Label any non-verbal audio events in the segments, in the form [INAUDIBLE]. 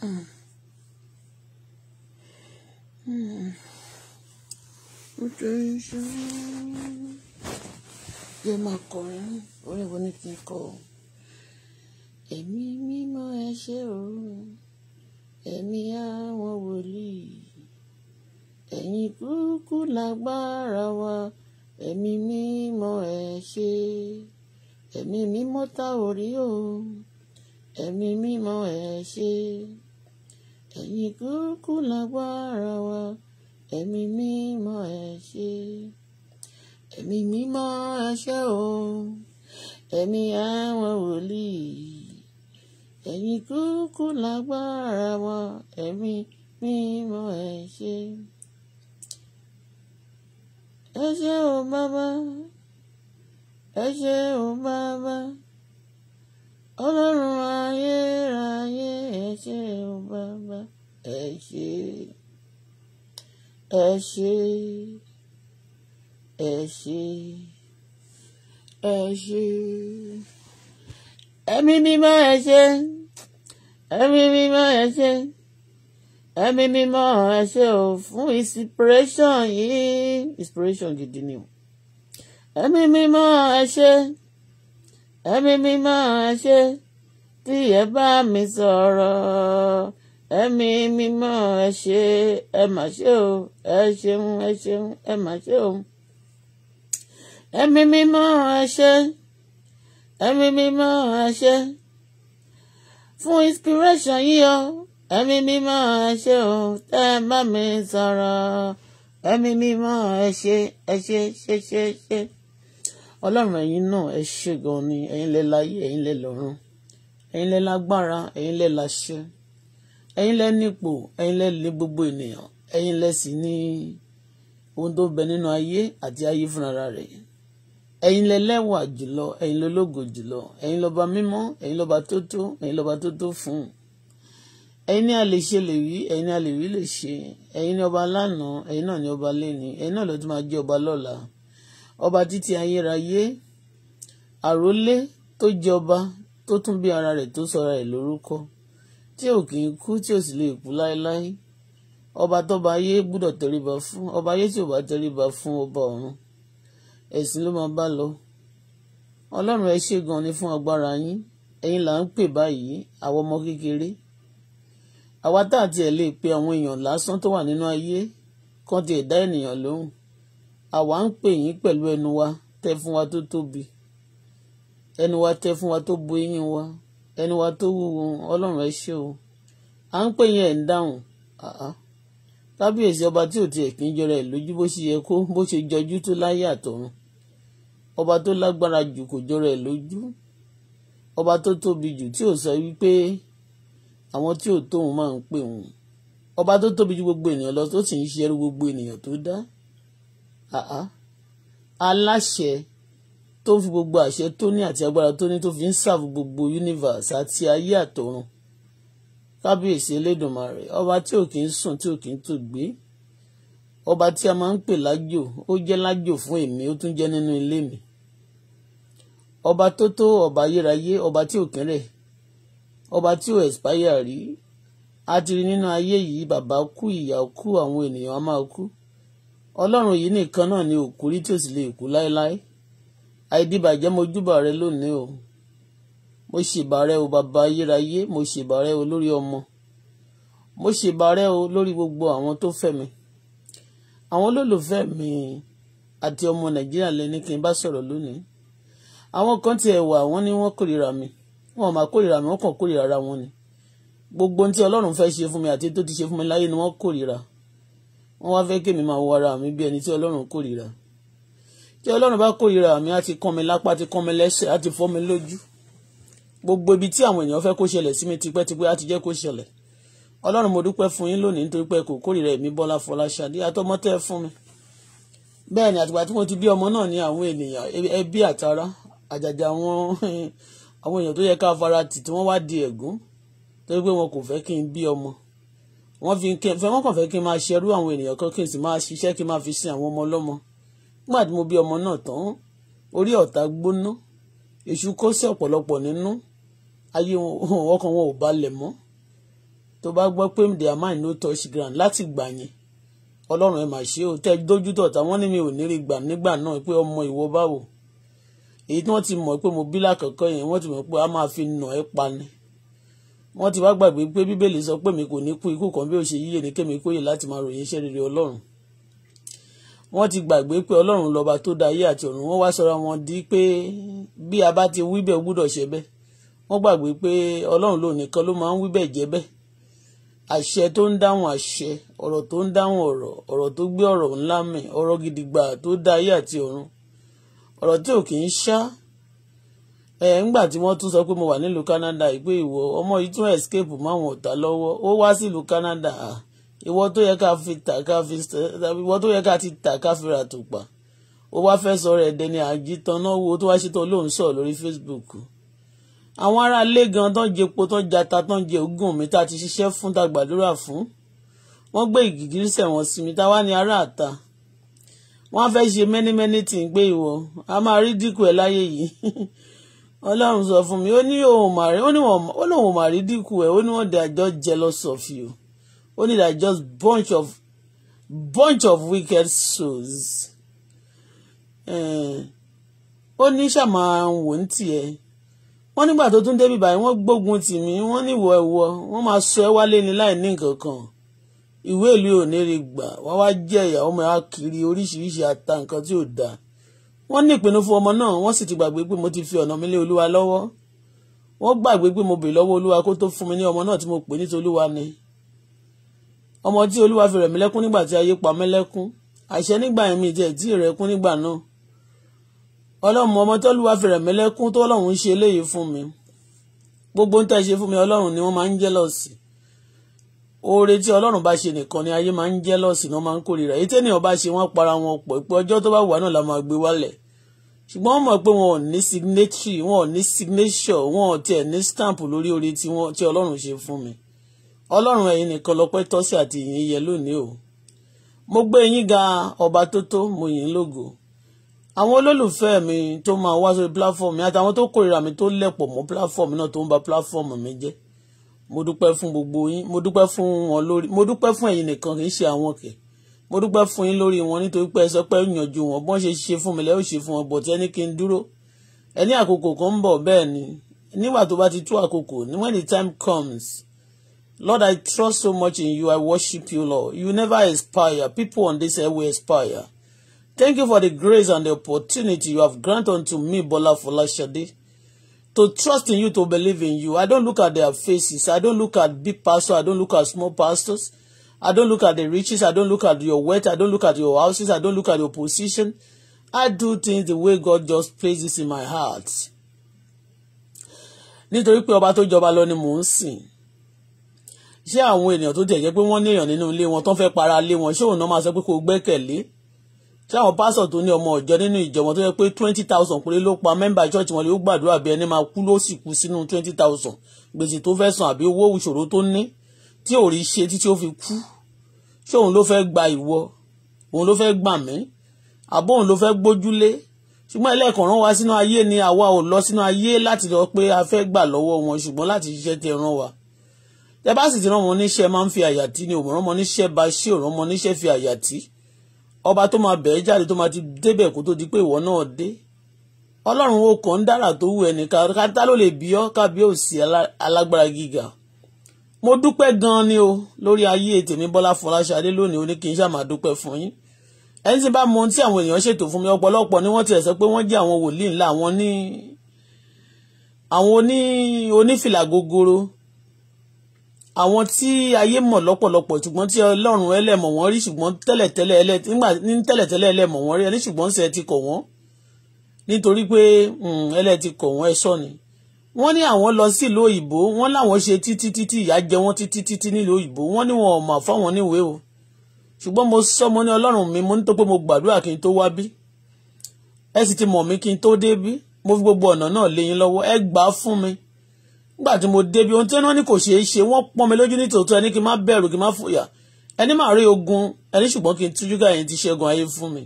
Mm. Mm. Attention. Mm. Mm. Yẹ máa kọrin orí wo ni kí n kọ o. Ẹ̀mí mímọ́ ẹ ṣé o, ẹ̀mí àwọn wòlíì. wa, ẹ̀mí mímọ́ ẹ ṣé. Ẹ̀mí mímọ́ ta orí o, ẹ̀mí mímọ́ ẹ̀yin kúkú lágbára wa ẹ̀mí mímọ́ ẹ ṣé ẹ̀mí mímọ́ ẹ ṣé o ẹ̀mí àwọn wòlíì ẹ̀yin kúkú lágbára wa ẹ̀mí mímọ́ ẹ ṣé ẹ ṣé o bàbá ẹ ṣé o bàbá ọlọ́run ayérayé ẹ ṣé o bàbá ẹ ṣé ẹ ṣé ẹ ṣé ẹ ṣé ẹ̀mí mímọ́ ẹ ṣé ẹ̀mí mímọ́ ẹ ṣé ẹ̀mí mímọ́ ẹ ṣé o fún inspiration yìí inspiration gidi ni o ẹ̀mí mímọ́ ẹ ṣé ẹ̀mí mi máa ṣe tí ẹ bá mi sọ̀rọ̀ ẹ̀mí mi máa ṣe ẹ mà ṣe o ẹ ṣeun ẹ ṣeun ẹ mà ṣe o ẹ̀mí mi máa ṣe ẹ̀mí mi máa ṣe fún inspiration yìí o ẹ̀mí mi máa ṣe o tẹ́ ẹ bá mi sọ̀rọ̀ ẹ̀mí mi máa ṣe ẹ ṣe ṣe ṣe ṣe ọlọ́run ẹ̀yin náà ẹ ṣe gan ni ẹ̀yin lẹ láyé ẹ̀yin lẹ lọ́run ẹ̀yin lẹ lágbára ẹ̀yin lẹ láṣẹ ẹ̀yin lẹ nípò ẹ̀yin lẹ lé gbogbo ènìyàn ẹ̀yin lẹ sì ní ohun tó bẹ nínú ayé àti ayé fúnra rẹ̀ ẹ̀yin lẹ jùlọ ẹ̀yin lológo jùlọ ẹ̀yin lọ́ba mímọ́ ẹ̀yin lọ́ba tó tó ẹ̀yin lọ́ba tó tó fún ẹ̀yin ni a lè ṣe lè wí ẹ̀yin ni a lè wí lè ṣe ẹ̀yin ni ọba lánàá ẹ̀yin náà ni ọba lẹ́ni ẹ̀yin náà ló tún máa jẹ́ ọba lọ́la ọba títí ayérayé àrólé tó jọba tó tún bí ara rẹ̀ tó sọra ẹ̀ lórúkọ tí ò kì í kú tí ò sì lè kú láéláé ọba tọba ayé gbúdọ̀ tẹríba fún ọba ayé tí ò bá tẹríba fún ọba ọ̀run ẹ̀sìn ló máa bá lọ ọlọ́run ẹ ṣé gan ni fún agbára yín ẹ̀yin là ń pè báyìí àwọn ọmọ kékeré àwa tá àti ẹ̀ lè pe àwọn èèyàn lásán tó wà nínú ayé kan ti ẹ̀dá ènìyàn lóhùn àwa ń pè yín pẹ̀lú ẹnu wa tẹ́ fún wa tó tóbi ẹnu wa tẹ́ fún wa tó bo eyín wa ẹnu wa tó wúwo ọlọ́run ẹ ṣé o à ń pè yín ẹ̀ ń dáhùn kábíyèsí ọba tí ò tiẹ̀ kí ń jọra ẹ̀ lójú bó ṣe yẹ kó bó ṣe jọjú tó láyé àtọ̀run ọba tó lágbára jù kò jọra ẹ̀ lójú ọba tó tóbi jù tí ò sọ wípé àwọn tí ò tóun máa ń pè òun ọba tó tóbi ju gbogbo ènìyàn lọ tó sì ń ṣerú gbogbo ènìyàn tó dá aláṣẹ tó ń fi gbogbo àṣẹ tó ní àti agbára tó ní tó fi ń sàfù gbogbo universe àti ayé àtọ̀run kábíyèsí elédùnmarè ọba tí ò kí ń sùn tí ò kí ń tò gbé ọba tí a máa ń pè lájò ó jẹ́ lájò fún èmi ó tún jẹ́ nínú ilé mi ọba tó tó ọba ayérayé ọba tí ò kẹ́rẹ̀ ọba tí ò expire rí a ti rí nínú ayé yìí bàbá kú ìyá kú àwọn ènìyàn á máa kú ọlọ́run yìí nìkan náà ni òkú rí tí ò sì lè kú láéláé àìdíbàjẹ́ mo júbà rẹ lónìí o mo ṣèbà rẹ o bàbá ayérayé mo ṣèbà rẹ o lórí ọmọ mo ṣèbà rẹ o lórí gbogbo àwọn tó fẹ́ mi àwọn olólùfẹ́ mi àti ọmọ nàìjíríà lẹni kí n bá sọ̀rọ̀ lónìí àwọn kan tiẹ̀ wà wọ́n ní wọ́n kórìíra mi wọ́n máa kórìíra mi wọ́n kàn kórìíra ara wọn ni gbogbo ohun tí ọlọ́run fẹ́ ṣe fún mi àti tó ti ṣe fún mi láyé ni wọ́n kórìíra wọ́n wá fẹ́ kémi máa wo ara mi bí ẹni tí ọlọ́run kórìíra tí ọlọ́run bá kórìíra mi á ti kán mi lápá ti kán mi lẹ́sẹ̀ á ti fọ́ mi lójú gbogbo ibi tí àwọn èèyàn fẹ́ kó ṣẹlẹ̀ sí mi tipẹ́tipẹ́ á ti jẹ́ kó ṣẹlẹ̀ ọlọ́run mo dúpẹ́ fún yín lónìí nítorí pé kò kórìíra èmi Bọ́lá Fọláṣadé àtọmọ tẹ́ fún mi bẹ́ẹ̀ ni àtìgbà tí mo ti bí ọmọ náà ní àwọn ènìyàn ẹbí àtàrà àjàjà àwọn àwọn èèyàn tó yẹ ká fara tì tí wọ́n wá di ẹ̀gún torí pé wọn kò fẹ́ kí n bí ọmọ wọ́n fi fẹ́ wọ́n kàn fẹ́ kí n máa ṣerú àwọn ènìyàn kan kí n sì máa ṣiṣẹ́ kí n máa fi sin àwọn ọmọ ọlọ́mọ nígbà tí mo bí ọmọ náà tán orí ọ̀tá gbóná èṣù kó sí ọ̀pọ̀lọpọ̀ nínú ayé ọkàn wọn ò balẹ̀ mọ́ tó bá gbọ́ pé their mind no touch ground láti gbà yẹn ọlọ́run ẹ mà ṣe o tẹ́ dójú tọ̀tá wọ́n ní mi ò ní rí gbà nígbà náà pé ọmọ ìwọ báwo èyí tí wọ́n ti mọ̀ pé mo bí lákọ̀ọ́kọ́ yẹn wọ́n ti mọ̀ pé a máa fi nà ẹ́ pa wọ́n ti wá gbàgbé pé bíbélì sọ pé mi kò ní kú ikú kan bí ó ṣe yíyè ní kémi kóyè láti máa ròyìn iṣẹ́ rere ọlọ́run wọ́n ti gbàgbé pé ọlọ́run lọ́ba tó dá ayé àti ọ̀run wọ́n wá sọra wọn di pé bí a bá ti wí bẹ́ẹ̀ ó gbúdọ̀ ṣe bẹ́ẹ̀ wọ́n gbàgbé pé ọlọ́run ló nìkan ló máa ń wí bẹ́ẹ̀ jẹ́ bẹ́ẹ̀ àṣẹ tó ń dáhùn àṣẹ ọ̀rọ̀ tó ń dáhùn ọ̀rọ̀ ọ̀rọ̀ tó gbé ọ̀rọ̀ ńlá mì ọ̀rọ̀ gidigba tó dá ayé àti ọ̀run ọ̀rọ̀ tí ò kì í ṣá ẹ̀ ńgbà tí wọ́n tún sọ pé mo wà nílùú Canada ìpè ìwọ ọmọ yìí tún escape máwọn ọ̀tá lọ́wọ́ ó wá sílùú Canada ìwọ tó yẹ ká fi tà ká fi ìwọ tó yẹ ká ti tà ká fi rà tùpà ó wá fẹ́ sọ̀rọ̀ ẹ̀dẹ̀ ni àjítàn náà wo tó wá ṣe tán lóun sọ̀rọ̀ lórí Facebook àwọn ará ilé gan tán jẹ epo tán jata tán jẹ ogún mi tá a ti ṣiṣẹ́ fún tá a gbàdúrà fún wọ́n gbé ìgìgírísẹ̀ wọn sí mi tá ará àta wọ́n á fẹ́ ṣe many many things pé ìwọ a máa rí dínkù ẹ̀ láyé yìí [LAUGHS] ọlọ́run sọ fún mi ó ní òun màrí ó ní wọn ó lóun màrí dínkù ẹ̀ ó ní wọn they are just jealous of you ó ní they are just bunch of bunch of wicked souls eh, ó ní ṣàmà wò ń tiẹ̀ wọ́n nígbà tó tún débi báyìí wọ́n gbógun tì mí wọ́n ní ìwọ ẹ̀wọ́ wọ́n máa sọ ẹ́ wálé ni láì ní nǹkan kan ìwé ìlú ò ní rí gbà wọ́n wá jẹ́ ìyàwó mi á kiri oríṣiríṣi ata nǹkan tí ò dáa wọ́n ní ìpinnu fún ọmọ náà wọ́n sì ti gbàgbé pé mo ti fi ọ̀nà mi lé olúwa lọ́wọ́ wọ́n gbàgbé pé mo bèè lọ́wọ́ olúwa kó tó fún mi ní ọmọ náà tí mo pè ní tolúwa ni ọmọ tí olúwa fi rẹ̀ mí lẹ́kún nígbà tí ayé pa mí lẹ́kún àṣẹ nígbà yẹn mi jẹ́ tí ìrẹ́kún nígbà náà ọlọ́run ọmọ tọ́lúwa fi rẹ̀ lẹ́kún tó ọlọ́run ṣe léyìí fún mi gbogbo ń tẹ́ ni wọ́n máa ń jẹ́lọ́sì oore tí ọlọ́run bá ṣe nìkan ni ayé máa ń jẹ́lọ́sì náà máa ń kórìíra èyí tẹ́nìyàn bá ṣe wọ́n para wọn pọ̀ pé ọjọ́ tó bá wà náà la máa gbé wálẹ̀ ṣùgbọ́n wọ́n mọ̀ pé wọn ò ní signatory wọn ò ní signature wọn ò tiẹ̀ ní stamp lórí orí tí wọ́n tí ọlọ́run ṣe fún mi ọlọ́run ẹ̀yin nìkan lọ́pẹ́ tọ́sí àti ìyìn yẹ lónìí o mo gbé yín ga ọba tó tó mo yìn lógo àwọn olólùfẹ́ mi tó máa wá sórí platform mi àtàwọn tó kórìíra mi tó lẹ̀pọ̀ mọ́ platform náà tó ń ba platform mi jẹ́ mo dúpẹ́ fún gbogbo yín mo dúpẹ́ fún wọn lórí mo dúpẹ́ fún ẹ̀yin nìkan kì í ṣe àwọn kẹ̀ẹ́ mo dúpẹ́ fún yín lórí wọn nítorí pé ẹ sọ pé ìyànjú wọn bọ́n ṣe ṣe fún mi lẹ́yìn ṣe fún wọn tí ẹni kí n dúró ẹni àkókò kan ń bọ̀ bẹ́ẹ̀ ni nígbà tó bá ti tó àkókò ni when the time comes Lord, I trust so much in you. I worship you, Lord. You never expire. People on this earth will expire. Thank you for the grace and the opportunity you have granted unto me, Bola Folashade, to trust in you, to believe in you. I don't look at their faces. I don't look at big pastors. I don't look at small pastors. I don't look at the riches. I don't look at your wealth. I don't look at your houses. I don't look at your position. I do things the way God just places in my heart. Nítorí pé ọba tó jọba lọ ni mò ń sìn. Ṣé àwọn ènìyàn tó tẹ̀ jẹ́ pé wọ́n ní èèyàn nínú ilé wọn tó fẹ́ para lé wọn ṣé òun náà máa sọ pé kò gbẹ́kẹ̀lé? Ṣé àwọn pásọ̀ tó ní ọmọ ọ̀jọ́ nínú ìjọ tó yẹ pé twenty thousand péré ló pa mẹ́mbà church wọn lè gbàdúrà bí ẹni máa kú ló sì kú sínú twenty thousand gbèsè tó fẹ́ san àbí owó ìṣòro tó ní? tí ò rí ṣe títí ó fi kú ṣé òun ló fẹ́ẹ́ gba ìwọ òun ló fẹ́ẹ́ gbà mí àbó òun ló fẹ́ẹ́ gbójúlé ṣùgbọ́n ẹlẹ́ẹ̀kan rán wa sínú ayé ni àwa ò lọ sínú ayé láti lọ pé a fẹ́ gbà lọ́wọ́ wọn ṣùgbọ́n láti ṣiṣẹ́ tẹ rán wa tẹ bá sì ti rán wọn níṣẹ́ máa ń fi àyà tí ni òmùrán ọmọ níṣẹ́ bá ṣé òrán ọmọ níṣẹ́ fi àyà tí ọba tó máa bẹ̀ẹ́ jáde tó máa ti débẹ̀ kó tó di pé ìwọ náà dé ọlọ́run ó kàn ń dára tó wù ẹnìkan ká ló lè bí ọ́ kábíyèsí alágbára gíga mo dúpẹ́ gan-an ni o lórí ayé tèmi bọ́lá fọláṣadé lónìí ó ní kí n ṣàmà dúpẹ́ fún yín ẹni tí bá mọ ohun tí àwọn èèyàn ṣètò fún mi ọ̀pọ̀lọpọ̀ ni wọ́n ti sọ pé wọ́n jẹ́ àwọn wòlíì ńlá àwọn ní àwọn oní onífìlà gogoro àwọn tí ayé mọ̀ lọ́pọ̀lọpọ̀ ṣùgbọ́n tí ọlọ́run ẹlẹ́mọ̀ wọ́n rí ṣùgbọ́n tẹ́lẹ̀tẹ́lẹ̀ ẹlẹ́ nígbà ní tẹ́lẹ̀tẹ́lẹ̀ ẹlẹ́mọ̀ wọ́n rí ẹni ṣùgbọ́n ṣe ti kọ̀ wọ́n nítorí pé hmm, ẹlẹ́ ti kọ̀ wọ́n ẹ sọ wọ́n ní àwọn lọ sílùú òyìnbó wọ́n láwọn ṣe títí títí ìyà jẹ wọ́n títí títí nílùú òyìnbó wọ́n ní wọn ò mà fáwọn níwèé o ṣùgbọ́n mo sọ mo ní ọlọ́run mi mo ní tó pé mo gbàdúrà kí n tó wá bí ẹ sì ti mọ̀ mí kí n tó dé bí mo fi gbogbo ọ̀nà náà lé yín lọ́wọ́ ẹ gbà á fún mi nígbà tí mo dé bí ohun tí wọ́n ní kò ṣeé ṣe wọ́n pọ́n mi lójú nítòótọ́ ẹni kí n má bẹ̀rù kí n má fòyà ẹni máa rí ogun ẹni ṣùgbọ́n kí n tújú ká ti ṣẹ́gun ayé fún mi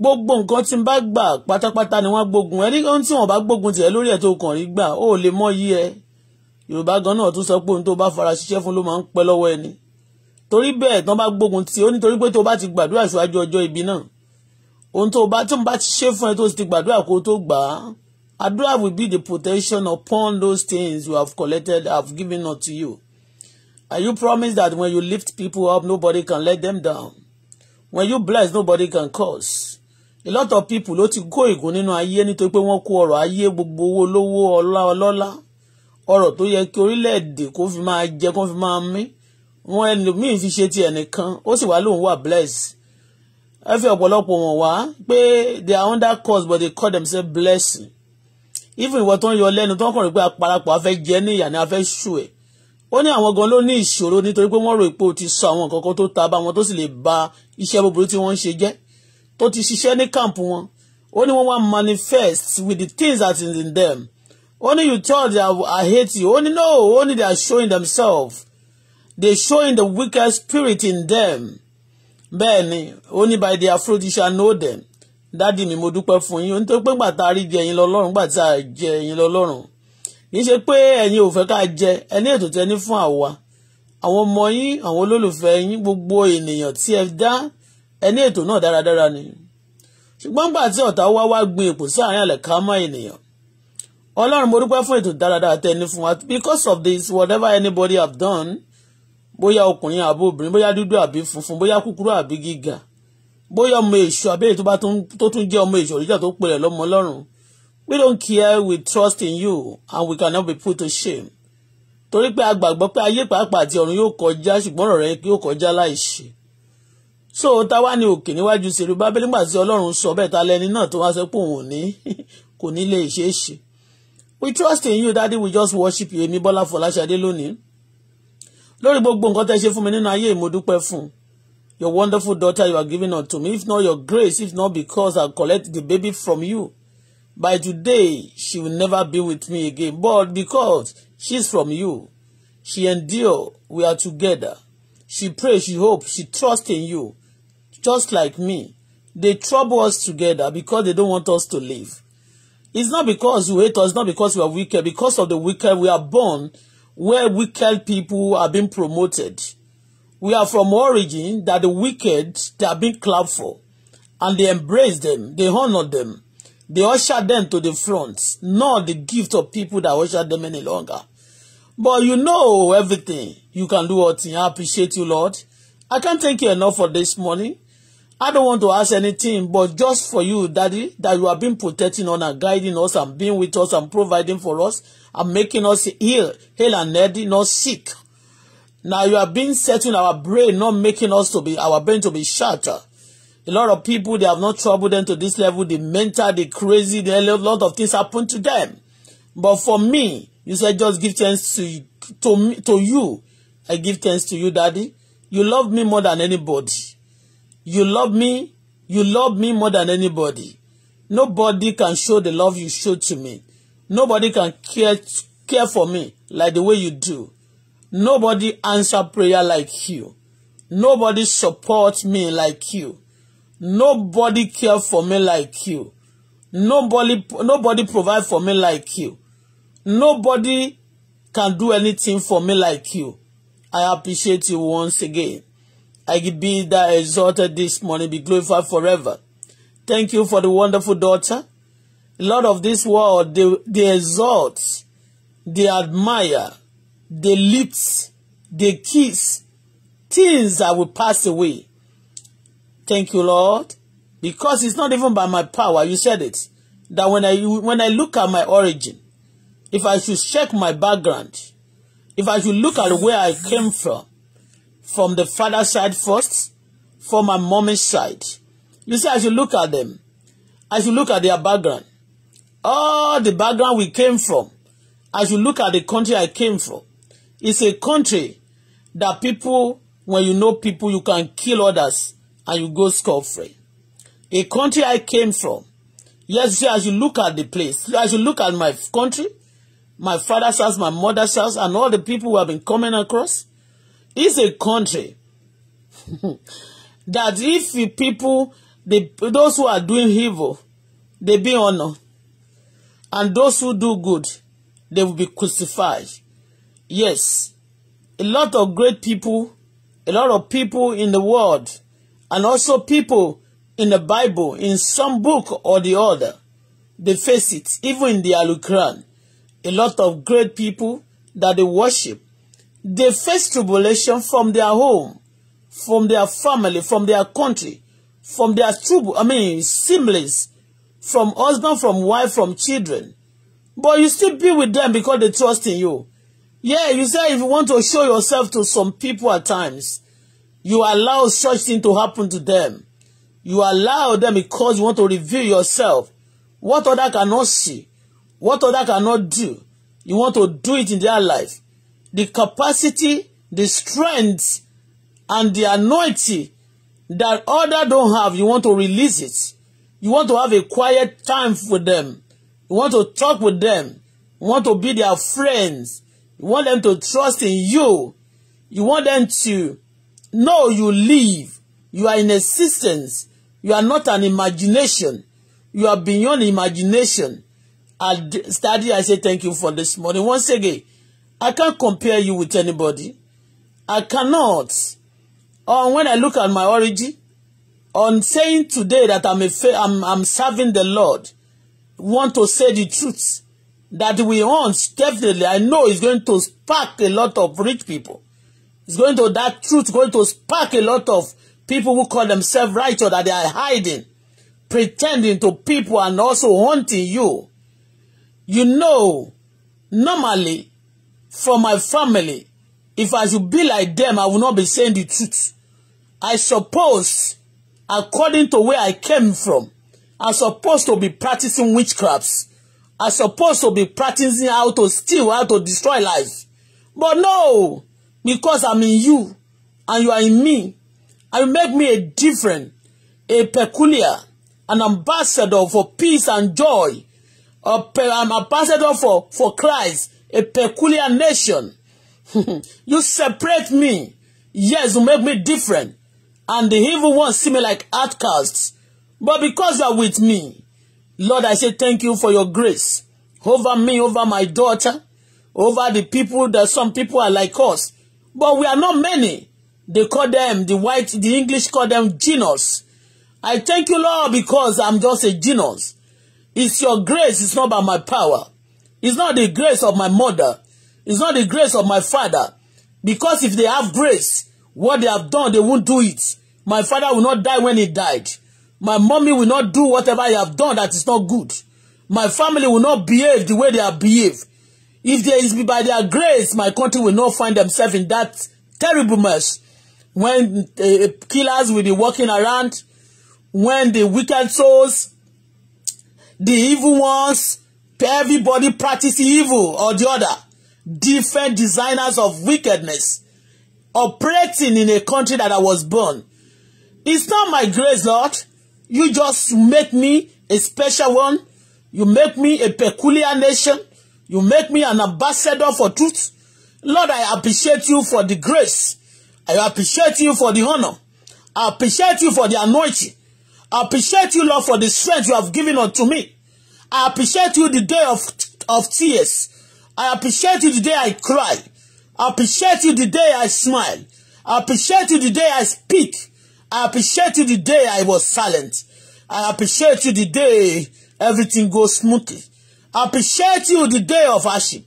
gbogbo nǹkan tí n bá gbà pátápátá ni wọ́n gbógun ẹni ohun tí wọ́n bá gbógun tiẹ̀ lórí ẹ̀ tó kàn rí gbà ó lè mọ yí ẹ yorùbá gan náà tún sọ pé ohun tó bá fara ṣiṣẹ́ fún ló máa ń pẹ́ lọ́wọ́ ẹni torí bẹ́ẹ̀ tán bá gbógun tí ó nítorí pé tó bá ti gbàdúrà síwájú ọjọ́ ibi náà ohun tó bá tún bá ti ṣe fún ẹ tó ti gbàdúrà kó tó gbà á àdúrà will be the protection upon those things you have collected have given unto you and you promise that when you lift people up nobody can let them down when you bless nobody can curse a lot of people ló ti kó ègún nínú ayé nítorí pé wọ́n kó ọrọ̀ ayé gbogbo owó olówó ọlá ọlọ́lá ọrọ̀ tó yẹ kí orílẹ̀-èdè kó fi máa jẹ kó fi máa mí wọn ẹlòmíì fi ṣe ti ẹnìkan ó sì wá lóun wà bless ẹ fi ọ̀pọ̀lọpọ̀ wọn wá pé they are under curse but they call themselves blessing even ìwọ tó ń yọ lẹ́nu tó ń kàn rí pé àparapọ̀ afẹ́ jẹ ní ìyà ni afẹ́ ṣù ẹ̀ ó ní àwọn gan ló ní ìṣòro nítorí pé wọ́n rò pé o ti sọ àwọn nǹkan kan tó ta bá wọn tó sì lè ba iṣẹ́ búburú tí wọ́n ń ṣe jẹ́ tó ti ṣiṣẹ́ ní kàmpù wọn ó ní wọ́n wá manifest with the things that is in them ó ní you thought that I hate you ó ní no ó ní they are showing themselves they showing the wicked spirit in them bẹ́ẹ̀ ni ó ní by their fruit you shall know them dádì mi mo dúpẹ́ fún yín nítorí pé gbà tá a rí jẹ ẹ̀yin lọ́lọ́run gbà tá a jẹ ẹ̀yin lọ́lọ́run kì í ṣe pé ẹ̀yin ò fẹ́ ká jẹ ẹni ètò tẹni fún àwa àwọn ọmọ yín àwọn olólùfẹ́ yín gbogbo ènìyàn tí ẹ dá ẹni ètò náà dáradára ni ṣùgbọ́n gbà tí ọ̀tá wá wá gbin èpò sáàárín àlẹ̀kámọ́ ènìyàn ọlọ́run mo dúpẹ́ fún ètò dáradára tẹni fún wa because of this whatever anybody have done bóyá ọkùnrin àbí obìnrin bóyá dúdú àbí funfun bóyá kúkúrú àbí gíga bóyá ọmọ èṣù àbí èyí tó tún jẹ́ ọmọ èṣù òrìjà tó pèrè lọ́mọ ọlọ́run we don't care we trust in you and we cannot be put to shame torí pé a gbàgbọ́ pé ayé pàápàá àti ọ̀run yóò kọjá ṣùgbọ́n ọ̀rọ̀ rẹ yóò kọjá láìṣe so táwa ní òkè níwájú sèré bábélì nígbà tí ọlọ́run sọ bẹ́ẹ̀ ta lẹni náà tó wá sọ pé òun ní kò ní lè ṣeé ṣe we trust in you daddy we just worship you èmi bọ́lá fọláṣadé lónìí lórí gbogbo nǹkan tẹ́ ṣe fún mi nínú ayé mo fún your wonderful daughter you are giving unto me if not your grace if not because i collect the baby from you by today she will never be with me again but because she is from you she endure we are together she pray she hope she trust in you just like me, they trouble us together because they don't want us to live. It's not because you hate us, not because we are wicked, because of the wicked we are born where wicked people are being promoted. We are from origin that the wicked they are being clapped for, and they embrace them, they honor them, they usher them to the front, not the gift of people that usher them any longer. But you know everything. You can do all things. I appreciate you, Lord. I can't thank you enough for this morning. I don't want to ask anything, but just for you, Daddy, that you have been protecting us and guiding us and being with us and providing for us and making us heal, heal and healthy, not sick. Now you have been setting our brain, not making us to be our brain to be shattered. A lot of people they have not troubled them to this level, the mental, the crazy, the a lot of things happen to them. But for me, you said just give thanks to to me to you. I give thanks to you, Daddy. You love me more than anybody. You love me. You love me more than anybody. Nobody can show the love you show to me. Nobody can care, care for me like the way you do. Nobody answer prayer like you. Nobody support me like you. Nobody care for me like you. Nobody, nobody provide for me like you. Nobody can do anything for me like you. I appreciate you once again. I be that exalted this morning, be glorified forever. Thank you for the wonderful daughter. Lord of this world, they, they exalt, they admire, they lift, they kiss things that will pass away. Thank you, Lord, because it's not even by my power. You said it that when I when I look at my origin, if I should check my background, if I should look at where I came from, from the father's side first, from my mommy's side. You see, as you look at them. as you look at their background. All the background we came from. as you look at the country I came from. It's a country that people, when you know people, you can kill others and you go scot-free. A country I came from. Yes, see, as you look at the place. as you look at my country, my father's house, my mother's house, and all the people who have been coming across is a country [LAUGHS] that if the people, the, those who are doing evil, they be honored. And those who do good, they will be crucified. Yes, a lot of great people, a lot of people in the world, and also people in the Bible, in some book or the other, they face it, even in the Al-Quran. A lot of great people that they worship, They face tribulation from their home, from their family, from their country, from their tribu I mean siblings, from husband, from wife, from children. But you still be with them because they trust in you. Yeah, you say if you want to show yourself to some people at times, you allow such thing to happen to them. You allow them because you want to reveal yourself. What other cannot see, what other cannot do, you want to do it in their life the capacity, the strength, and the anointing that other don't have. You want to release it. You want to have a quiet time with them. You want to talk with them. You want to be their friends. You want them to trust in you. You want them to know you live. You are in existence. You are not an imagination. You are beyond imagination. I study. I say thank you for this morning. Once again, I can't compare you with anybody. I cannot. Or when I look at my origin, on saying today that I'm a fa I'm, I'm serving the Lord, want to say the truth that we want definitely. I know it's going to spark a lot of rich people. It's going to that truth going to spark a lot of people who call themselves righteous that they are hiding, pretending to people and also haunting you. You know, normally from my family. If I should be like them, I would not be saying the truth. I suppose, according to where I came from, I'm supposed to be practicing witchcrafts. I'm supposed to be practicing how to steal, how to destroy life. But no, because I'm in you and you are in me, and you make me a different, a peculiar, an ambassador for peace and joy, a, an ambassador for, for Christ, a peculiar nation. [LAUGHS] you separate me. Yes, you make me different. And the evil ones see me like outcasts. But because you are with me, Lord, I say thank you for your grace over me, over my daughter, over the people that some people are like us. But we are not many. They call them, the white, the English call them genus. I thank you, Lord, because I'm just a genus. It's your grace, it's not by my power. It's not the grace of my mother. It's not the grace of my father. Because if they have grace, what they have done, they won't do it. My father will not die when he died. My mommy will not do whatever I have done that is not good. My family will not behave the way they have behaved. If there is by their grace, my country will not find themselves in that terrible mess. When uh, killers will be walking around, when the wicked souls, the evil ones, Everybody practice evil or the other. Different designers of wickedness operating in a country that I was born. It's not my grace, Lord. You just make me a special one. You make me a peculiar nation. You make me an ambassador for truth. Lord, I appreciate you for the grace. I appreciate you for the honor. I appreciate you for the anointing. I appreciate you, Lord, for the strength you have given unto me. I appreciate you the day of, of tears. I appreciate you the day I cry. I appreciate you the day I smile. I appreciate you the day I speak. I appreciate you the day I was silent. I appreciate you the day everything goes smoothly. I appreciate you the day of worship.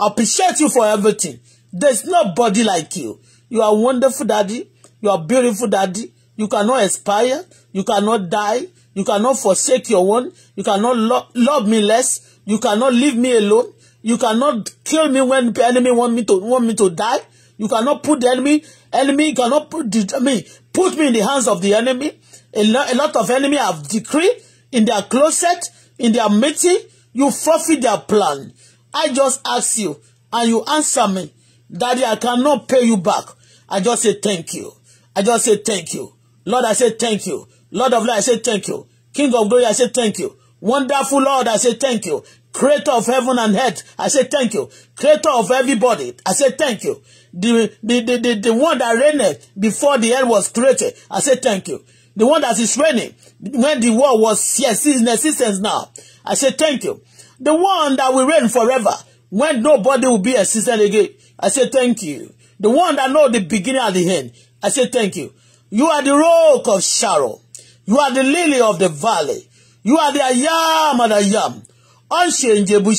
I appreciate you for everything. There's nobody like you. You are wonderful, Daddy. You are beautiful, Daddy. You cannot expire. You cannot die. You cannot forsake your one. You cannot lo love me less. You cannot leave me alone. You cannot kill me when the enemy want me to want me to die. You cannot put the enemy enemy cannot put the, I mean, put me in the hands of the enemy. A, lo a lot of enemy have decree in their closet, in their meeting. You forfeit their plan. I just ask you and you answer me. Daddy, I cannot pay you back. I just say thank you. I just say thank you. Lord, I say thank you. Lord of Life, I say thank you. King of glory, I say thank you. Wonderful Lord, I say thank you. Creator of heaven and earth, I say thank you. Creator of everybody, I say thank you. The, the, the, the, the one that reigned before the earth was created, I say thank you. The one that is reigning when the world was yes, in existence now, I say thank you. The one that will reign forever when nobody will be existent again, I say thank you. The one that knows the beginning and the end, I say thank you. You are the rock of Sharon. You are the lily of the valley. You are the ayam am and I am. Unchangeable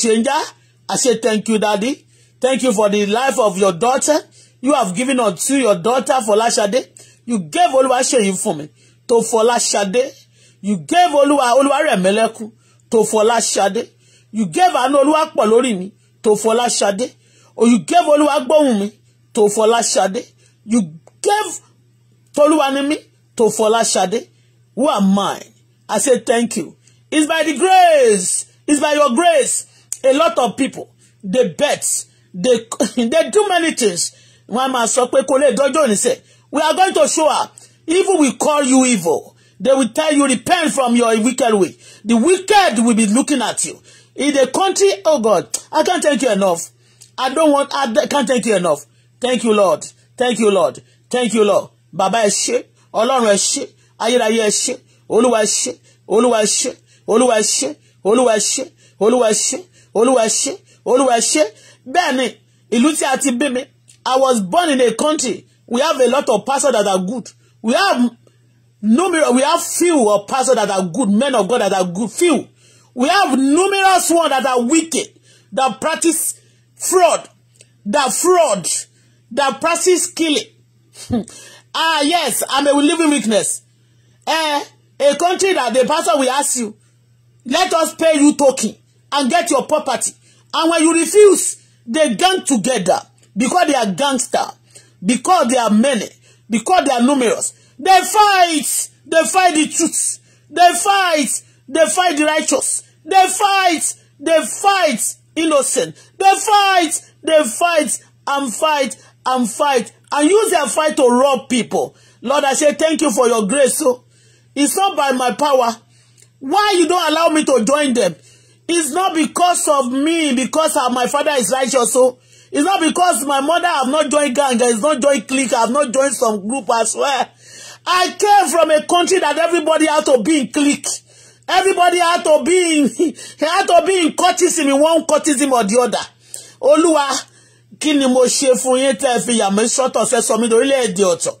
I say thank you, Daddy. Thank you for the life of your daughter. You have given unto your daughter for last day. You gave Oluwaseyi for me. to for last day. You gave Olúwa Olúwarẹ̀mílẹ́kún to for last day. You gave Àánú Olúwapọ̀ lórí mi to day. Or oh, you gave Olúwagbóhùn mi to day. You gave Tolúwanimí to for last day who am I? I say thank you. It's by the grace. It's by your grace. A lot of people, they bet, they, [LAUGHS] they do many things. Wọ́n máa sọ pé kò lè dọ́jọ́ ní sẹ́, we are going to show up. Evil will call you evil. They will tell you repent from your wicked way. The wicked will be looking at you. In the country, oh God, I can't thank you enough. I don't want, I can't thank you enough. Thank you, Lord. Thank you, Lord. Thank you, Lord. Bàbá ẹ ṣé, Ọlọ́run ẹ ṣé, ayérayé ẹ ṣé olúwa ẹ ṣé olúwa ẹ ṣé olúwa ẹ ṣé olúwa ẹ olúwa ẹ olúwa ẹ olúwa ẹ ṣé ìlú tí a ti bí mi I was born in a country we have a lot of pastors that are good we have numerous we have few of pastors that are good men of God that are good few we have numerous ones that are wicked that practice fraud that fraud that practice killing [LAUGHS] ah yes I'm a living witness eh, a country that the pastor will ask you, let us pay you token and get your property. And when you refuse, they gang together because they are gangster, because they are many, because they are numerous. They fight, they fight the truth, they fight, they fight the righteous, they fight, they fight innocent, they fight, they fight and fight and fight and use their fight to rob people. Lord, I say thank you for your grace. So It's not by my power. Why you don't allow me to join them? It's not because of me, because my father is righteous. So it's not because my mother have not joined gang, I have not joined clique, have not joined some group as well. I came from a country that everybody had to be in clique. Everybody had to be in, [LAUGHS] had to be in courtism in one courtism or the other. Olúwa, kini ni mo ṣe fún yín tẹ́ fi yà mí sọ́tọ̀ fẹ́ sọ mí lórílẹ̀-èdè ọ̀tọ̀?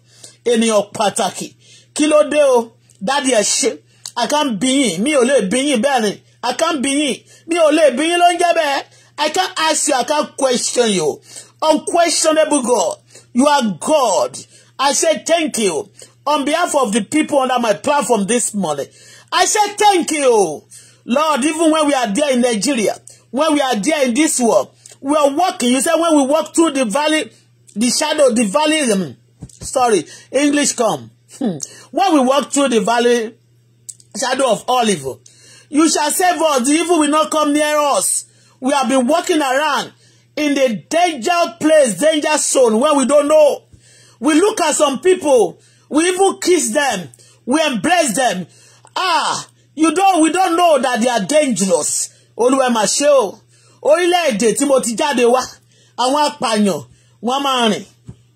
Ènìyàn pàtàkì. Kí ló dé o? dáàdi ẹ̀ ṣe I can't bí yín mi ò lè bí bẹ́ẹ̀ ni I can't bí yín mi ò lè bí ló ń jẹ́ bẹ́ẹ̀ I can't ask you I can't question you unquestionable God you are God I say thank you on behalf of the people under my platform this morning I say thank you Lord even when we are there in Nigeria when we are there in this world we are walking you say when we walk through the valley the shadow the valley um, sorry English come Hmm. when we walk through the valley shadow of olive you shall save us the evil will not come near us we have been walking around in the danger place danger zone where we don't know we look at some people we even kiss them we embrace them ah you don't we don't know that they are dangerous olúwa o orílẹ̀-èdè tí mo ti jáde wá àwọn apààyàn wọ́n máa rìn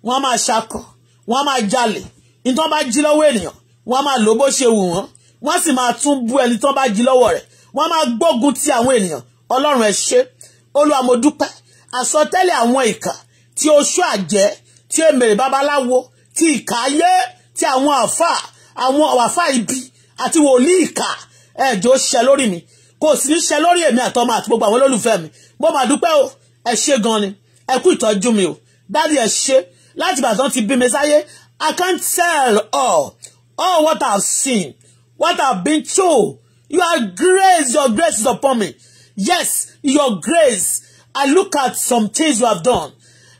wọ́n máa ṣakọ̀ wọ́n máa jalè nítorí wọ́n bá jí lọ́wọ́ ènìyàn wọ́n máa lò bó ṣe wù wọ́n wọ́n sì máa tún bú ẹni tí wọ́n bá jí lọ́wọ́ rẹ̀ wọ́n máa gbógun ti àwọn ènìyàn ọlọ́run ẹ ṣé olúwa mo àsọtẹ́lẹ̀ àwọn ìkà tí oṣù àjẹ́ tí èmèrè babaláwo tí ìkà ayé tí àwọn àfà àwọn àfà ibi àti wòlíì ìkà ẹ̀jọ̀ ṣẹ lórí mi kò sì ní ṣẹ lórí èmi àtọmọ àti gbogbo àwọn olólùfẹ́ mi mo mà dúpẹ́ o ẹ ṣé gan ni ẹ kú ìtọ́jú mi o dáàdi ẹ ṣé láti ìbàdàn ti bí mi sáyé I can't tell all, oh, all oh, what I've seen, what I've been through. You are grace, your grace is upon me. Yes, your grace. I look at some things you have done.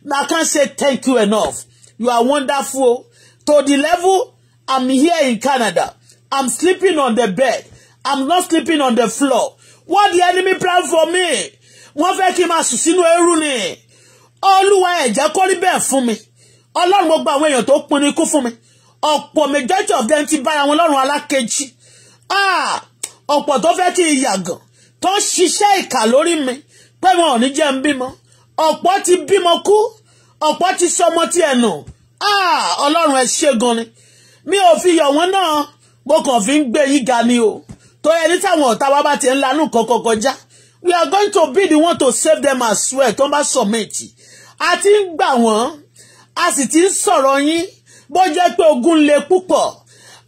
Now I can't say thank you enough. You are wonderful. To the level, I'm here in Canada. I'm sleeping on the bed. I'm not sleeping on the floor. What the enemy plan for me? Wọ́n fẹ́ kí n máa sùn sínú ẹrù ni. Olúwa ẹ jẹ́ kó rí bẹ́ẹ̀ fún mi ọlọ́run gbogbo àwọn èèyàn tó pinnu ikú fún mi ọ̀pọ̀ majority of them ti bára wọn lọ́rùn alákejì ah, ọ̀pọ̀ tó fẹ́ kí n yàgàn tó ṣiṣẹ́ ìkà lórí mi pé wọn ò ní jẹ́ ń bímọ ọ̀pọ̀ ti bímọ kú ọ̀pọ̀ ti sọmọ tí ẹ̀ ah, ọlọ́run ẹ ṣe gan ni mi ò fi yọ̀ wọ́n náà mo kàn fi ń gbé yín ni o tó ẹni táwọn ọ̀tá wa bá ti ń lanú kankan kọjá we are going to be the one to save them as well tó ń bá submit a ti ń gbà wọ́n a sì ti ń sọ̀rọ̀ yín bó jẹ́ pé ogun le púpọ̀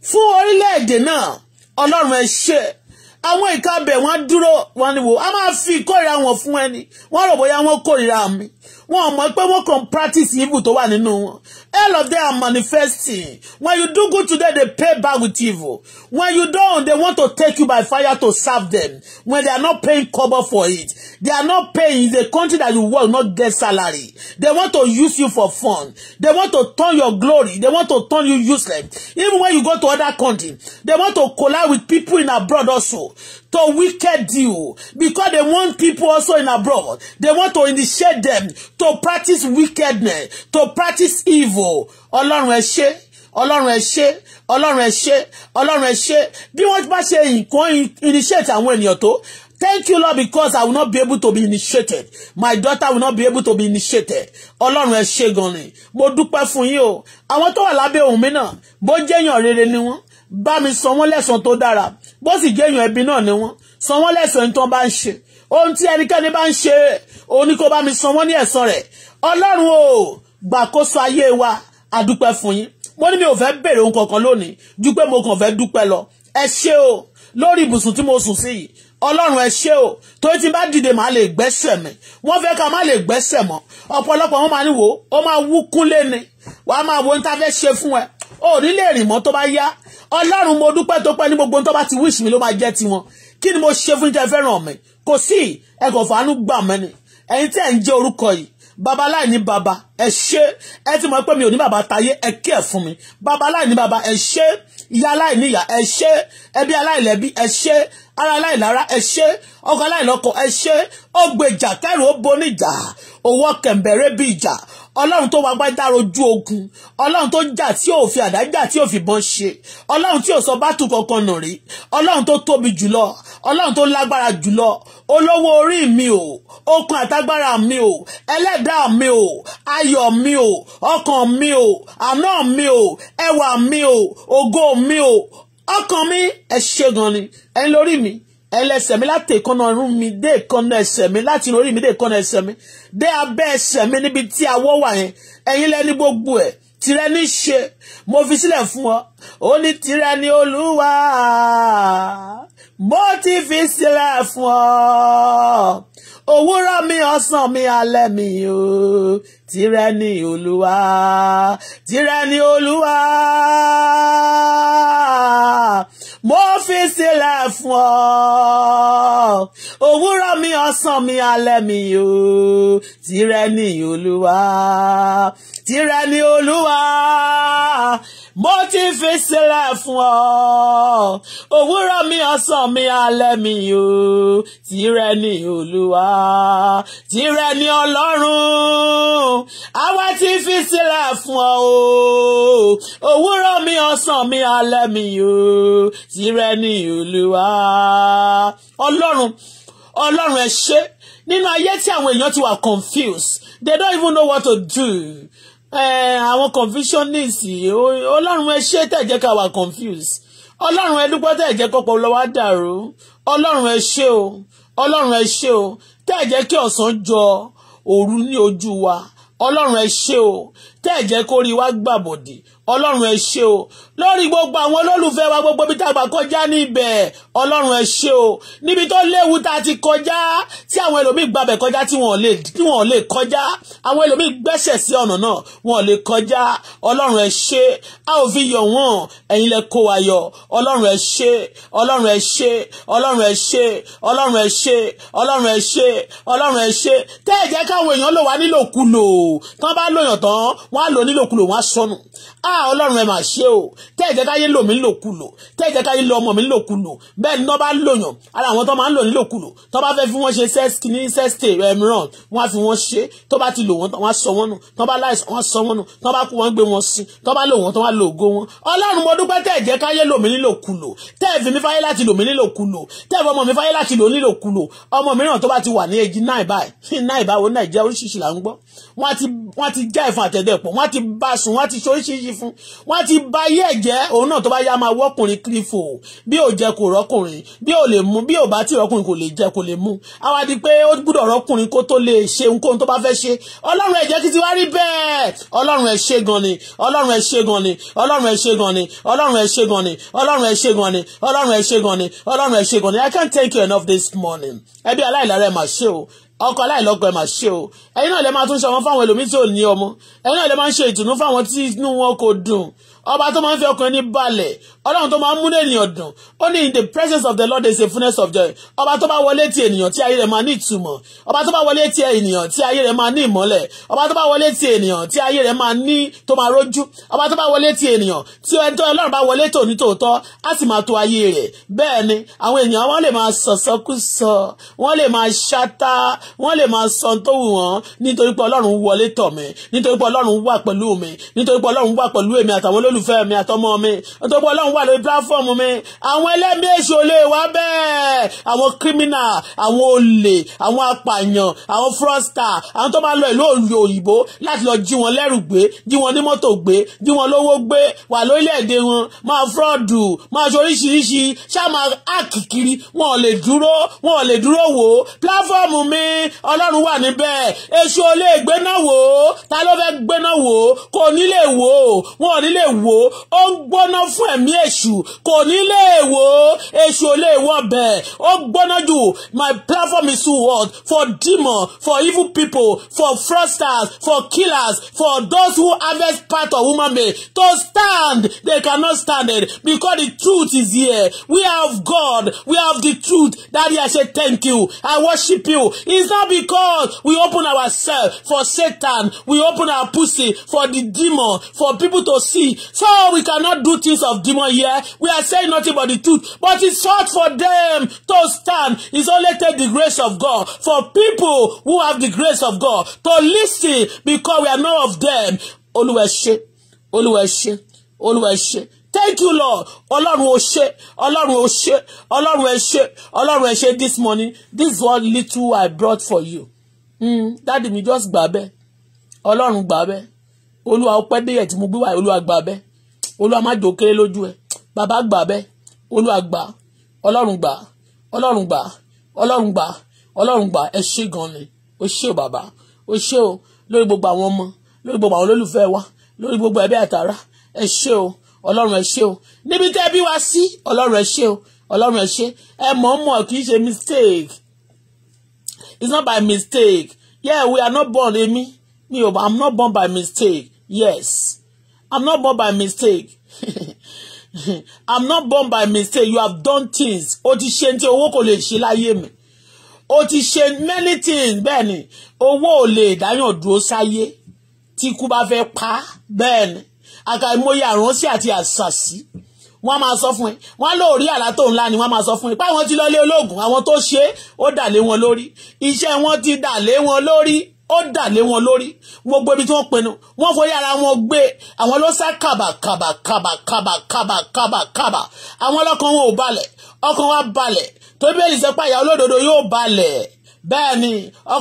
fún orílẹ̀-èdè náà ọlọ́run ẹ ṣe àwọn ìka bẹ̀ wọ́n dúró wọn ni wò a máa fi ìkórìíra wọn fún ẹni wọ́n rò bóyá wọ́n kórìíra mi wọn mọ̀ pé wọ́n kàn practice evil tó wà nínú wọn all of them are manifesting when you do good to them they pay back with evil when you don't they want to take you by fire to serve them when they are not paying cover for it they are not paying the country that you work not get salary they want to use you for fun they want to turn your glory they want to turn you useless even when you go to other country they want to collide with people in abroad also to wicked deal because they want people also in abroad. They want to initiate them to practice wickedness, to practice evil. Ọlọ́run ẹ ṣé, Ọlọ́run ẹ ṣé, Ọlọ́run ẹ ṣé, Ọlọ́run ẹ ṣé. Bí wọ́n bá ṣe nǹkan initiate àwọn ènìyàn tó, Thank you, Lord, because I will not be able to be initiated. My daughter will not be able to be initiated. Ọlọ́run ẹ ṣé gan ni. Mo dúpẹ́ fún yín o. Àwọn tó wà lábẹ́ ohùn mi náà, bó jẹ́yàn rere ni wọ́n. Bá mi san wọ́n lẹ́san tó dára bó sì jẹ́ èèyàn ẹbí náà ni wọ́n san wọ́n lẹ́sàn-án tó bá ń ṣe ohun tí ẹnikẹ́ni bá ń ṣe òun ni kó bá mi san wọ́n ní ẹ̀san rẹ̀ ọlọ́run o gbàkóso ayé wa àdúpẹ́ fún yín mo ní mi ò fẹ́ béèrè ohun kankan lónìí ju pé mo kàn fẹ́ dúpẹ́ lọ ẹ ṣé o lórí ibùsùn tí mo sùn sí yìí ọlọ́run ẹ ṣé o torí tí n bá dìde màá lè gbẹ́sẹ̀ mi wọ́n fẹ́ ká má lè gbẹ́sẹ̀ mọ́ ọ̀pọ̀lọpọ̀ wọn máa ní wò ó máa wú kúnlé ni wàá máa wo ní ta fẹ́ ṣe fún ẹ ò ní lè rìn mọ́ tó bá yá ọlọ́run mo dúpẹ́ tó pẹ́ ní gbogbo tó bá ti wíṣ mi ló máa jẹ́ tiwọn kí ni mo ṣe fún jẹ́ fẹ́ràn mi kò sí ẹ̀kọ́ fàánú gbà mẹ́ni ẹ̀yin tí ẹ̀ ń jẹ́ orúkọ yìí baba láì ní baba ẹ ṣé ẹ ti mọ̀ pé mi ò ní baba tayé ẹ kí ẹ fún mi baba láì ní baba ẹ ṣé ìyá aláì ní ìyá ẹ ṣé ẹbí aláìlẹ́bí ẹ ṣé ara aláìlára ẹ ṣé ọkọ aláìlọ́kọ ẹ ṣé ó gbèjà kẹrù ó boníjà òwò kẹ̀m̀bẹ̀rẹ̀ bí ọlọ́run tó wá gbádá rojú ogun ọlọ́run tó jà tí ò fi àdá jà tí ò fi bọ́n ṣe ọlọ́run tí ò sọ bátù kankan nà rí ọlọ́run tó tóbi jùlọ ọlọ́run tó lágbára jùlọ olówó orí mi o okun àtagbára mi o ẹlẹ́dàá mi o ayọ̀ mi o ọkàn mi o àná mi o ẹwà mi o ògo mi o ọkàn mi ẹ ṣe gan ni ẹ lórí mi ẹlẹ́sẹ̀ mi láti ìkànnà ọrùn mi dé ìkànnà ẹsẹ̀ mi láti orí mi dé ìkànnà ẹsẹ̀ mi dé abẹ́ ẹsẹ̀ mi níbi tí awọ wà yẹn ẹ̀yin lẹ́ni gbogbo ẹ̀ tirẹ̀ ní ṣe mo fi sílẹ̀ fún ọ ó ní tirẹ̀ ní olúwa mo ti fi sílẹ̀ fún ọ òwúrọ̀ mi ọ̀sán mi alẹ́ mi o tìrẹ ni olúwa tìrẹ ni olúwa mo fi sílẹ̀ fún ọ òwúrọ̀ mi ọ̀sán mi alẹ́ mi o tìrẹ ni olúwa tìrẹ ni olúwa ti fi sílẹ̀ fún ọ òwúrọ̀ mi ọ̀sán mi alẹ́ mi o tìrẹ ni olúwa tìrẹ ni ọlọ́run àwa ti fi sílẹ̀ fún ọ o òwúrọ̀ mi ọ̀sán mi alẹ́ mi o tìrẹ ni olúwa ọlọ́run ọlọ́run ẹ ṣé nínú ayé tí àwọn èèyàn ti wà confused they don't even know what to do àwọn confusionist ọlọ́run ẹ ṣé tẹ̀ jẹ́ ká wà confused ọlọ́run ẹ dúpẹ́ tẹ̀ jẹ́ kọ́pọ̀ lọ́wọ́ dàrú ọlọ́run ẹ ṣé o ọlọ́run ẹ ṣé o tẹ̀ jẹ́ kí ọ̀sán jọ òru ní ojú wa ọlọ́run ẹ ṣé o tẹ́ ẹ̀ jẹ́ gbàbọ̀dì ọlọ́run ẹ ṣé o lórí gbogbo àwọn olólùfẹ́ wa gbogbo ibi tá a gbà kọjá níbẹ̀ ọlọ́run ẹ ṣé o níbi tó léwu tá a ti kọjá tí àwọn ẹlòmíì gbàbẹ̀ kọjá tí wọ́n lè tí wọ́n kọjá àwọn ẹlòmíì gbẹ́sẹ̀ sí ọ̀nà náà wọ́n lè kọjá ọlọ́run ẹ ṣé a ò fi yọ̀ wọ́n ẹ̀yin lẹ kó wa yọ ọlọ́run ẹ ṣé ọlọ́run ẹ ṣé ọlọ́run ẹ ṣé ọlọ́run ẹ ṣé ọlọ́run ẹ ṣé ọlọ́run ẹ ṣé tẹ́ ẹ̀ jẹ́ káwọn èèyàn lò wá nílòkulò tán bá lòyàn tán wọ́n á lò nílòkulò wọ́n á sọnù a ah, ọlọ́run ẹ mà ṣe o tẹ́ ẹ jẹ́ káyé lò mí lòkulò tẹ́ ẹ jẹ́ káyé lò ọmọ mi lòkulò bẹ́ẹ̀ ni wọ́n bá lòyàn ara àwọn tó máa ń lò ní lòkulò tó bá fẹ́ fi wọ́n ṣe sẹ́ẹ̀sì ní sẹ́ẹ̀sì rẹ̀ mìíràn wọ́n á fi wọ́n ṣe tó bá ti lò wọ́n wọ́n á sọ wọ́n nù tó bá láìsàn wọ́n á sọ wọ́n nù tó bá kú wọ́n gbé wọn sí tó bá lò wọ́n tó wá lò ògo wọn ọlọ́run mo dúpẹ́ tẹ́ ẹ jẹ́ káyé lò mí nílòkulò tẹ́ ẹ fi mi fáyé láti lò mí nílòkulò tẹ́ ẹ fi ọmọ mi fáyé láti lò nílòkulò ọmọ mìíràn tó bá ti wà ní èjì náà báyìí náà ìbáwo náà jẹ́ oríṣiríṣi là ń gbọ́ wọ́n ti já ẹ̀fọn àtẹ̀dẹ̀pọ̀ wọ́n ti bá sùn wọ́n ti ṣe oríṣiríṣi ti fún wọ́n ti ba ayé ẹ̀ jẹ́ òun náà tó bá yá máa wọ́kùnrin kílífò bí ò jẹ́ kò rọ́kùnrin bí ò lè mú bí ò bá tí rọ́kùnrin kò lè jẹ́ kò lè mú àwa di pé ó gbúdọ̀ rọ́kùnrin kó tó lè ṣe ohunkóhun tó bá fẹ́ ṣe ọlọ́run ẹ̀ jẹ́ ti wá rí bẹ́ẹ̀ ọlọ́run ẹ̀ ṣe gan ni ọlọ́run ẹ̀ ṣe gan ni ọlọ́run ẹ̀ ṣe gan ni ọlọ́run ẹ̀ ṣe gan ni ọlọ́run ẹ̀ ṣe gan ni ọlọ́run ẹ̀ ṣe gan ni ọlọ́run ẹ̀ ṣe gan ni I can't thank you enough this morning ẹbí aláìlára ẹ̀ mà ṣe o ọkọ aláìlọ́kọ ẹ̀ mà ṣe o ẹ̀yin náà lè máa tún ṣe ọmọ fáwọn ẹlòmíì tí ò ní ọmọ ẹ̀yin náà lè máa ń ṣe ìtùnú fáwọn tí inú wọn kò dùn ọba tó máa ń fi ọkàn ẹni balẹ̀ ọlọ́run tó máa ń múnú ènìyàn dùn ó ní in the presence of the Lord is a fullness of joy ọba tó bá wọlé ti ènìyàn tí ayé rẹ̀ máa ní ìtumọ̀ ọba tó bá wọlé ti ènìyàn tí ayé rẹ̀ máa ní ìmọ́lẹ̀ ọba tó bá wọlé ti ènìyàn tí ayé rẹ̀ máa ní tó máa rójú ọba tó bá wọlé ti ènìyàn tí ẹjọ́ ọlọ́run bá wọlé tò tòótọ́ á sì máa to ayé rẹ̀ bẹ́ẹ̀ ni àwọn ènìyàn wọ́n lè máa sọ̀sọ́kùsọ wọ́n lè máa ṣátá wọ́n lè máa sọ tó wù wọ́n nítorí pé ọlọ́run wọlé tọ̀ mi nítorí pé olólùfẹ́ mi àtọmọ mi nítorí ọlọ́run wà lórí platform mi àwọn ẹlẹ́mìí èṣù olè wá bẹ́ẹ̀ àwọn criminal àwọn olè àwọn apààyàn àwọn fraudster àwọn tó máa lọ ìlú òyìnbó láti lọ jí wọn lẹ́rù gbé jí wọn ní mọ́tò gbé jí wọn lówó gbé wà lórílẹ̀‐èdè wọn máa fraud máa ṣe oríṣiríṣi ṣáà máa wọn ò lè dúró wọn ò lè dúró wò ó platform mi ọlọ́run wà níbẹ̀ èṣù olè gbéná wò ó ta ló fẹ́ gbéná wò ó kò ní wò ó wọn ò ní lè wò ó ó ń gbóná fún ẹ̀mí èṣù kò ní lè wò ó èṣù ò lè wọ bẹ́ẹ̀ ó gbóná jù my platform is too hot for demon for evil people for fraudsters for killers for those who harvest part of woman may to stand they cannot stand it because the truth is here we have God we have the truth daddy I say thank you I worship you it's not because we open ourselves for Satan we open our pussy for the demon for people to see So we cannot do things of demon here. We are saying nothing but the truth. But it's hard for them to stand. It's only take the grace of God. For people who have the grace of God to listen because we are not of them. Olúwa ṣé, Olúwa Thank you, Lord. Ọlọ́run o ṣé, Ọlọ́run o ṣé, Ọlọ́run ẹ ṣé, Ọlọ́run ẹ ṣé this morning. This one little I brought for you. Mm, Daddy mi just gbà bẹ́ẹ̀. Ọlọ́run olúwa ọpẹ́ déyẹ̀ tí mo gbé wáyé olúwa gbà bẹ́ olúwa má jò kéré lójú ẹ bàbá gbà bẹ́ olúwa gbà ọlọ́run gbà ọlọ́run gbà ọlọ́run gbà ọlọ́run gbà ẹ ṣé gan ni o ṣé o bàbá o ṣé o lórí gbogbo àwọn ọmọ lórí gbogbo àwọn olólùfẹ́ wa lórí gbogbo ẹbí àtàrà ẹ ṣé o ọlọ́run ẹ ṣé o níbi tẹ́ bí wá sí ọlọ́run ẹ ṣé o ọlọ́run ẹ ṣé ẹ mọ̀ọ́mọ̀ kì í ṣe mistake it's not by mistake yeah we are not born èmi mi ò i'm not born by mistake Yes. I'm not born by mistake. [LAUGHS] I'm not born by mistake. You have done things. O ti ṣe tí owó kò lè ṣe láyé mi. O ti ṣe many things bẹ́ẹ̀ ni. Owó ò lè dáyàn dúró sáyé. Tí ikú bá fẹ́ pa bẹ́ẹ̀ ni. Àkàìmọye àránsí àti àṣàṣì. Wọ́n máa sọ fún ẹ. Wọ́n lóòrí àlá tó ńlá ni wọ́n máa sọ fún ẹ. Pé àwọn ti lọ lé olóògùn. Àwọn tó ṣe é ó dà lé wọn lórí. Iṣẹ́ wọn ti dà lé wọn lórí ó dà lé wọn lórí gbogbo ibi tí wọ́n pinnu wọ́n forí ara wọn gbé àwọn ló sá kàbà kàbà kàbà kàbà kàbà kàbà kàbà àwọn ọlọ́kàn wọn ò balẹ̀ ọkàn wa balẹ̀ tó bẹ́ẹ̀ ní sẹ́pà ìyá olódodo yóò balẹ̀ bẹ́ẹ̀ ni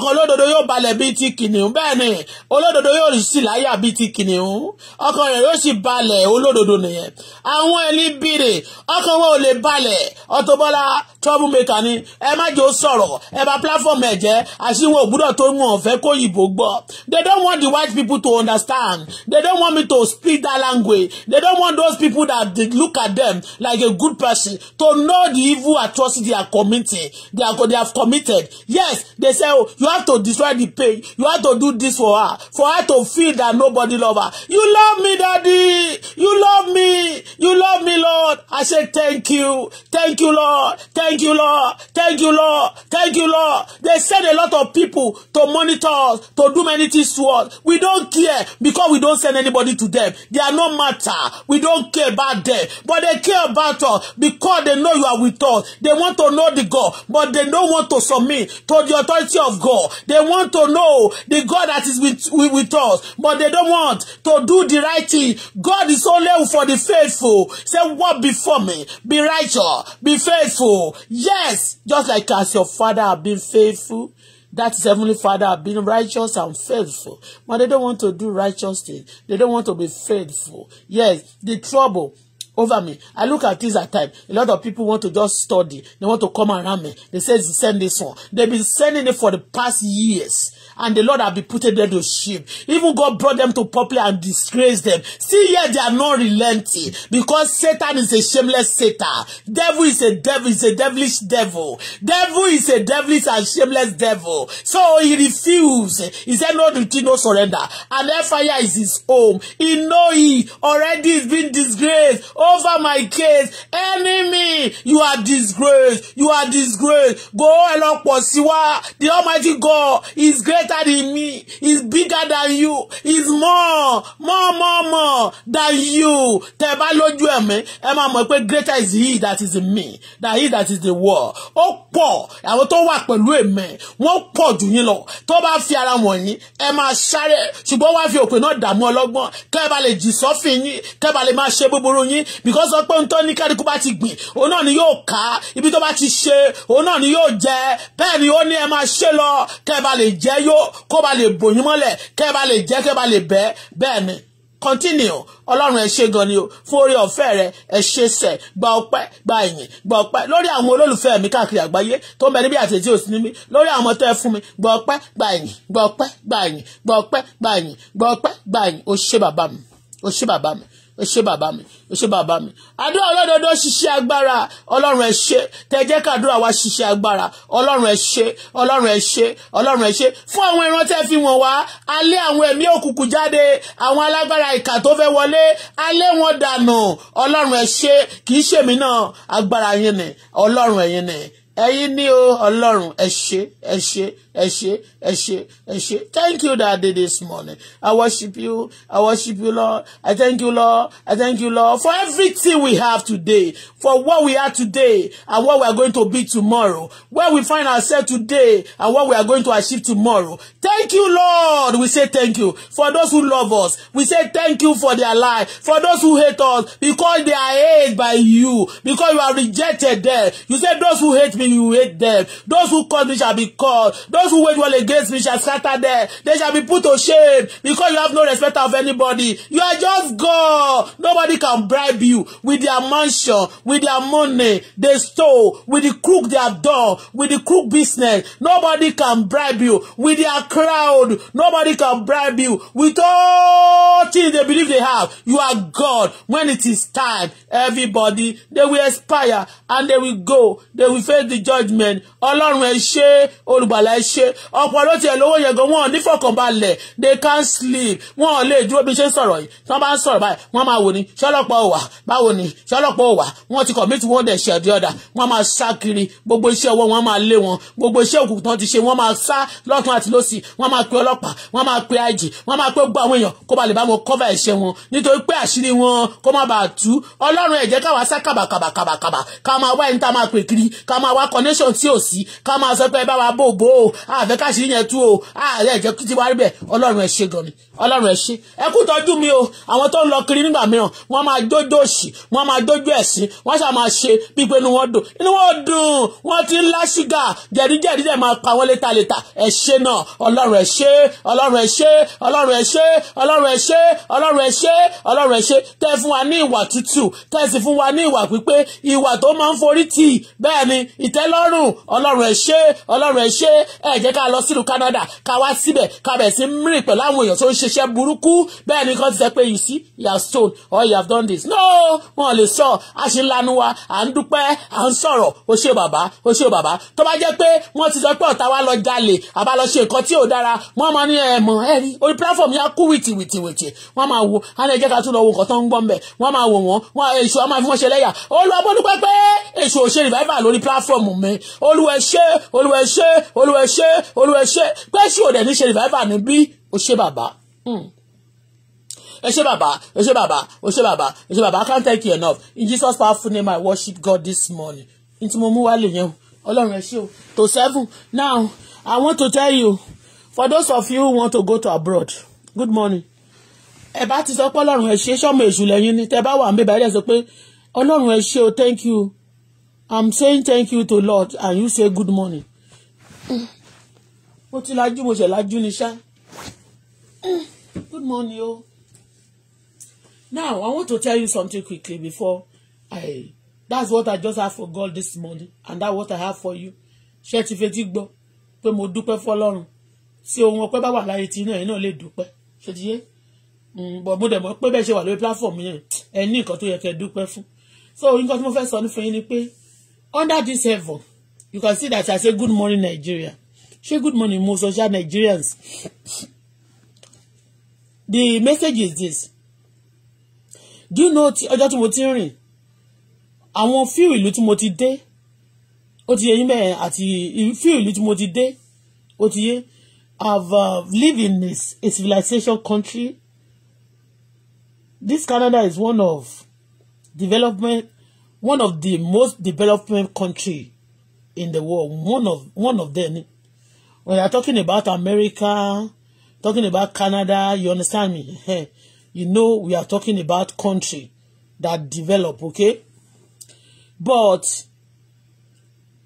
olódodo yóò balẹ̀ bíi ti kìnìún bẹ́ẹ̀ olódodo yóò sì láyà bíi ti kìnìún ọkàn rẹ̀ yóò sì balẹ̀ olódodo nìyẹn àwọn ẹni bìrè ọkàn wọn ò lè balẹ̀ Auto Bola troublemaker ni ẹ má jò sọ̀rọ̀ ẹ bá platform ẹ̀ jẹ́ àṣìwò ògbúdọ̀ tó ń wọ̀n fẹ́ kó yìnbó gbọ́ they don't want the white people to understand they don't want me to speak that language they don't want those people that dey look at them like a good person to know the evil atrocity they are committing they, are, they have committed yes stress they say oh you have to destroy the pain you have to do this for her for her to feel that nobody love her you love me daddy you love me you love me lord i say thank you thank you lord thank you lord thank you lord thank you lord they send a lot of people to monitor us to do many things to us we don't care because we don't send anybody to them they are no matter we don't care about them but they care about us because they know you are with us they want to know the god but they don't want to submit to know the authority of God. They want to know the God that is with, with, with us, but they don't want to do the right thing. God is only for the faithful. Say, what before me, be righteous, be faithful. Yes, just like as your father have been faithful. That is Heavenly Father have been righteous and faithful. But they don't want to do righteous things. They don't want to be faithful. Yes, the trouble over me. I look at this. at time. A lot of people want to just study. They want to come around me. They say, send this one. They've been sending it for the past years. And the Lord have been putting them to shame. Even God brought them to popular and disgraced them. See here, they are not relenting. Because Satan is a shameless Satan. Devil is a devil, is a devilish devil. Devil is a devilish and shameless devil. So he refused. He said, no retreat, no surrender. And that fire is his home. He know he already has been disgraced. Oh, over my case enemy you are disgraced you are disgraced go ẹ lọ the almighty God is greater than me is bigger than you is more more more more than you tẹ́ bá lójú ẹ̀mí ẹ máa mọ̀ pé greater is he that is in me than he that is the world ó pọ̀ àwọn tó wà pẹ̀lú ẹ̀mí wọ́n pọ̀ jù yín lọ tó bá fi ara wọ̀nyí ẹ máa sáré ṣùgbọ́n wá fi òpin náà dààmú ọlọ́gbọ́n kẹ́ ẹ bá lè jì sọ́fìn yín kẹ́ ẹ bá lè máa ṣe búburú yín because ọpẹ́ ohun tó ní kẹ́ríkú bá ti gbìn òun náà ni yóò ká ibi tó bá ti ṣe òun náà ni yóò jẹ bẹ́ẹ̀ ni ó ní ẹ máa ṣe lọ kẹ́ ẹ bá lè jẹ́ yó kó bá lè bòyín mọ́lẹ̀ kẹ́ ẹ bá lè jẹ́ kẹ́ ẹ bá lè bẹ́ bẹ́ẹ̀ ni continue ọlọ́run ẹ ṣé gan ni o fún orí ọ̀fẹ́ rẹ ẹ ṣé sẹ̀ gba ọpẹ́ gba ìyìn gba ọpẹ́ lórí àwọn olólùfẹ́ mi káàkiri àgbáyé tó ń bẹ níbi àti ètí òsì ní mi lórí àwọn ọmọ tó ẹ fún mi gba ọpẹ́ gba ìyìn gba ọpẹ́ gba ìyìn gba ọpẹ́ gba ìyìn gba ọpẹ́ gba ìyìn o ṣé bàbá mi o ṣé bàbá mi ẹ ṣé bàbá mi ẹ ṣé bàbá mi àdúrà olódodo ṣiṣẹ́ agbára ọlọ́run ẹ ṣé tẹ́jẹ́ kàdúrà wa ṣiṣẹ́ agbára ọlọ́run ẹ ṣé ọlọ́run ẹ ṣé ọlọ́run ẹ ṣé fún àwọn ìran tẹ́ fi wọ̀n wá alẹ́ àwọn ẹ̀mí òkùnkùn jáde àwọn alágbára ìkà tó fẹ́ wọlé alẹ́ wọn dànù ọlọ́run ẹ ṣé kì í ṣèmi náà agbára yín ni ọlọ́run ẹ̀yin ni ẹ̀yin ni o ọlọ́run ẹ ṣé ẹ ṣé ẹ ṣé ẹ thank you daddy this morning i worship you i worship you lord i thank you lord i thank you lord for everything we have today for what we are today and what we are going to be tomorrow where we find ourselves today and what we are going to achieve tomorrow thank you lord we say thank you for those who love us we say thank you for their life for those who hate us because they are hated by you because you have rejected them you say those who hate me you hate them those who call me shall be called those Those who wage war against me shall scatter there. They shall be put to shame because you have no respect of anybody. You are just God. Nobody can bribe you with their mansion, with their money they stole, with the crook they have done, with the crook business. Nobody can bribe you with their crowd. Nobody can bribe you with all things they believe they have. You are God. When it is time, everybody, they will expire and they will go. They will face the judgment. Ọlọ́run ẹ ṣé, olùgbàlà ẹ ṣé ṣe ọ̀pọ̀ ló tiẹ̀ lówó yẹn gan wọn nífọ̀kànbalẹ̀ they can't sleep wọn ò lè dúró bí ṣe ń sọ̀rọ̀ yìí tí wọ́n bá ń sọ̀rọ̀ báyìí wọ́n máa wò ní ṣọ́lọ́pọ̀ ò báwo ni ṣọ́lọ́pọ̀ ò wọ́n ti commit wọ́n dẹ̀ ṣẹ̀dí ọ̀dà wọ́n máa sá kiri gbogbo iṣẹ́ ọwọ́ wọn máa lé wọn gbogbo iṣẹ́ òkùnkùn tán ti ṣe wọ́n máa sá lọ́tún àti lọ́sì wọ́n máa pe ọlọ́pàá wọ́n máa pe IG wọ́n máa pe gbọ́ àwọn èèyàn kó ba lè bá wọn cover ẹ̀ṣẹ̀ wọn nítorí pé àṣírí wọn kó má bàa tú ọlọ́run ẹ káwa sá kàbàkàbàkàbàkàbà ká máa wá ẹni tá máa pè kiri ká máa wá connection tí ò sí ká máa sọ pé ẹ bá wa bò bò àfẹ́ káṣí yẹn tú o ààrẹ ìjẹ́ kí ti wá rí bẹ́ẹ̀ ọlọ́run ẹ̀ ṣe gan ni ọlọ́run ẹ̀ ṣe ẹ kú tọ́jú mi o àwọn tó ń lọ kiri nígbà mìíràn wọ́n máa dójú òṣì wọ́n máa dójú ẹ̀sìn wọ́n ṣáà máa ṣe bí pé inú wọn dùn inú wọn dùn wọ́n ti ń lá ṣúgà jẹ̀díjẹ̀dí dẹ̀ máa pa wọ́n létà létà ẹ̀ ṣe náà ọlọ́run ẹ̀ ṣe ọlọ́run ẹ̀ ṣe ọlọ́run ẹ̀ ṣe ọlọ́run ẹ̀ ṣe ọlọ́run ẹ̀ ṣe ọlọ́run ẹ̀ ṣe tẹ́ fún wa ní ìwà tútù tẹ́ sì fún wa ní ìwà pípé ìwà tó máa ń forí tì bẹ́ẹ̀ ẹ jẹ́ ká lọ sílùú Canada ká wá síbẹ̀ ká bẹ̀ sí mìíràn pẹ̀lú àwọn èèyàn tó ń ṣiṣẹ́ burúkú bẹ́ẹ̀ ni kan ti sọ pé you see you have stone or you have done this no wọn lè sọ a ṣe lanu wa à ń dúpẹ́ à ń sọ̀rọ̀ o ṣe bàbá o ṣe bàbá tó bá jẹ́ pé wọ́n ti sọ pé ọ̀tá wa lọ jalè àbá lọ ṣe nǹkan tí ò dára wọ́n máa ní ẹ̀mọ́ ẹ̀rí orí platform yà kú wìtì wìtì wìtì wọ́n máa wo á ní ẹ jẹ́ ká tún lọ wo nǹkan tó ń gbọ́n bẹ̀ wọ́n máa wò wọ́n wọ́n èṣù á máa fi wọ́n ṣe lẹ́yà olúwa bó dúpẹ́ èṣù ò revival lórí platform mi olúwa ẹ ṣé olúwa ṣe olúwa ṣe pé ṣé òde ní ṣe revival níbí o ṣe bàbá hmm. ẹ ṣé bàbá ẹ ṣé bàbá ẹ ṣé bàbá I can't thank you enough in Jesus powerful name I worship God this morning Into Mumu mo mú wá lè yẹn to seven now I want to tell you for those of you who want to go to abroad good morning ẹ bá ti sọ pé ọlọ́run ẹ ṣé sọ́mọ èṣù lẹ́yìn ni tẹ bá wà ń bẹ báyìí ẹ sọ pé ọlọ́run ẹ thank you I'm saying thank you to Lord and you say good morning. Hmm mo ti lajú mo ṣẹ̀ lajú ni ṣá good morning o now i want to tell you something quickly before i that's what i just have for god this morning and that's what i have for you ṣé ti fetí gbọ́ pé mo dúpẹ́ fọ́lọ́run tí ohun ọpẹ́ bá wà láyé tí iná ẹ̀ náà lè dúpẹ́ ṣe ti yé mm, bọ̀ mo dẹ̀ mọ̀ pé bẹ́ẹ̀ ṣe wà lórí platform yẹn ẹ ní nǹkan tó yẹ kẹ́ dúpẹ́ fún so nǹkan tí mo fẹ́ sọ ní fún yín ni pé under this heaven you can see that i say good morning nigeria ṣé good morning most social Nigerians the message is this do you know ọjọ́ tí mo ti ń rìn àwọn fíìlù ìlú tí mo ti dé ó ti yẹ yín bẹ́ẹ̀ àti fíìlù ìlú tí mo ti dé ó ti yẹ I've uh, lived in this, a civilization country this Canada is one of development one of the most development country in the world one of one of them when you are talking about America, talking about Canada, you understand me? [LAUGHS] you know we are talking about country that develop, okay? But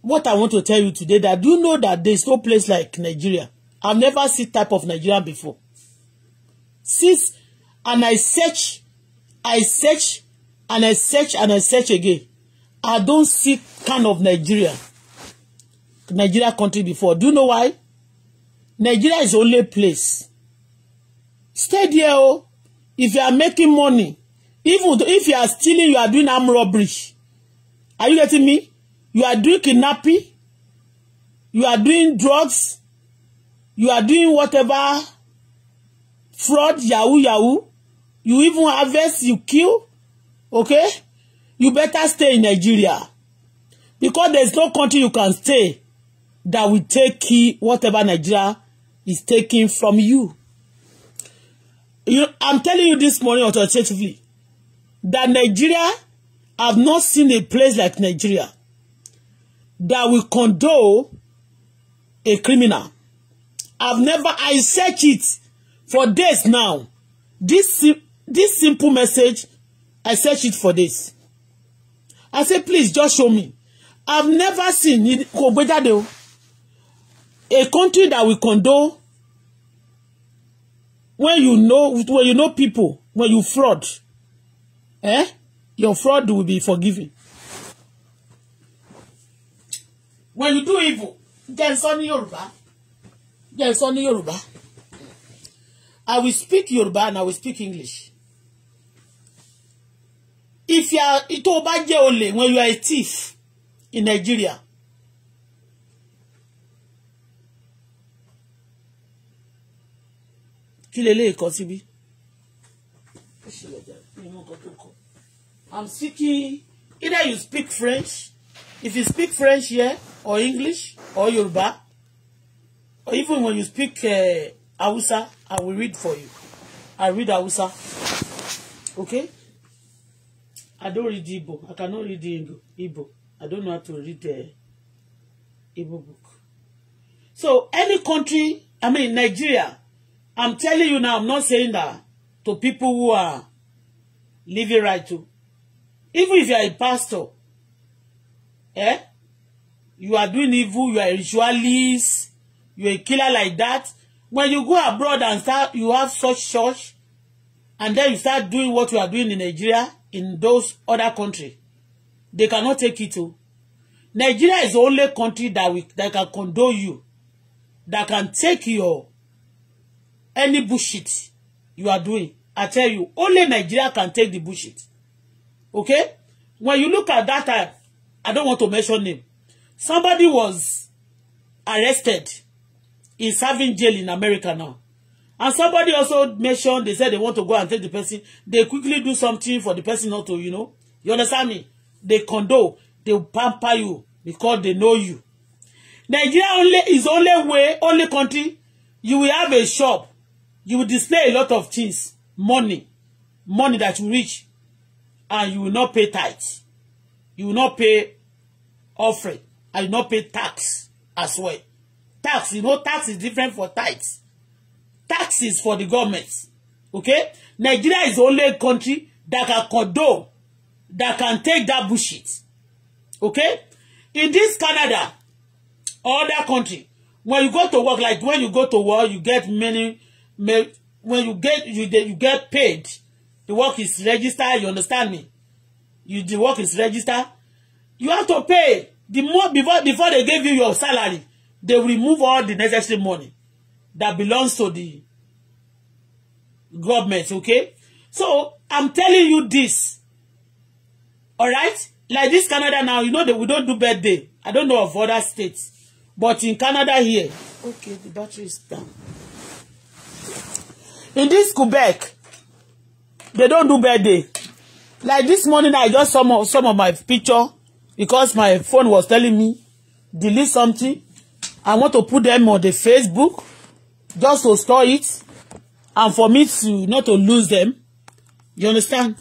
what I want to tell you today that do you know that there is no place like Nigeria. I've never seen type of Nigeria before. Since and I search, I search, and I search, and I search again. I don't see kind of Nigeria, Nigeria country before. Do you know why? Nigeria is only place. Stay there, oh. If you are making money, even if you are stealing, you are doing armed robbery. Are you getting me? You are doing kidnapping. You are doing drugs. You are doing whatever fraud, yahoo, yahoo. You even harvest, you kill. Okay? You better stay in Nigeria. Because there's no country you can stay that will take key whatever Nigeria is taken from you. you I'm telling you this morning authoritatively that Nigeria have not seen a place like Nigeria that will condole a criminal. I've never, I search it for days now. This, this simple message, I search it for this. I say, please just show me. I've never seen, kò gbé a country that we condone when you know when you know people when you fraud eh your fraud will be forgiven when you do evil jẹ́ n Yoruba, ní Yorùbá Yoruba. I will speak Yoruba and I will speak English if you are tó o bá jẹ́ when you are a thief in Nigeria kí leléyìí kọ síbí. I'm speaking either you speak French if you speak French here or English or Yoruba or even when you speak uh, Hausa I will read for you I read Hausa okay I don't read Igbo I cannot read Igbo Igbo I don't know how to read the eh, Igbo book so any country I mean Nigeria I'm telling you now, I'm not saying that to people who are living right too. Even if you are a pastor, eh? You are doing evil, you are a ritualist, you are a killer like that. When you go abroad and start, you have such church, and then you start doing what you are doing in Nigeria, in those other countries, they cannot take it to. Nigeria is the only country that we that can condone you, that can take your any bullshit you are doing i tell you only nigeria can take the bullshit okay when you look at that time i don't want to mention name somebody was arrested in serving jail in america now and somebody also mentioned they said they want to go and take the person they quickly do something for the person not to you know you understand me they condole they pamper you because they know you nigeria only is only way only country you will have a shop you will display a lot of things money money that you reach and you will not pay tithes you will not pay offering and you will not pay tax as well tax you know tax is different for tithes tax is for the government okay Nigeria is the only country that can condone that can take that bullshit okay in this Canada or other country when you go to work like when you go to war, you get many may when you get you you get paid the work is registered you understand me you the work is registered you have to pay the more before before they give you your salary they remove all the necessary money that belongs to the government okay so i'm telling you this all right like this Canada now you know that we don't do birthday i don't know of other states but in Canada here okay the battery is down in this Quebec they don't do birthday like this morning I just saw some of my picture because my phone was telling me delete something I want to put them on the Facebook just to store it and for me to not to lose them you understand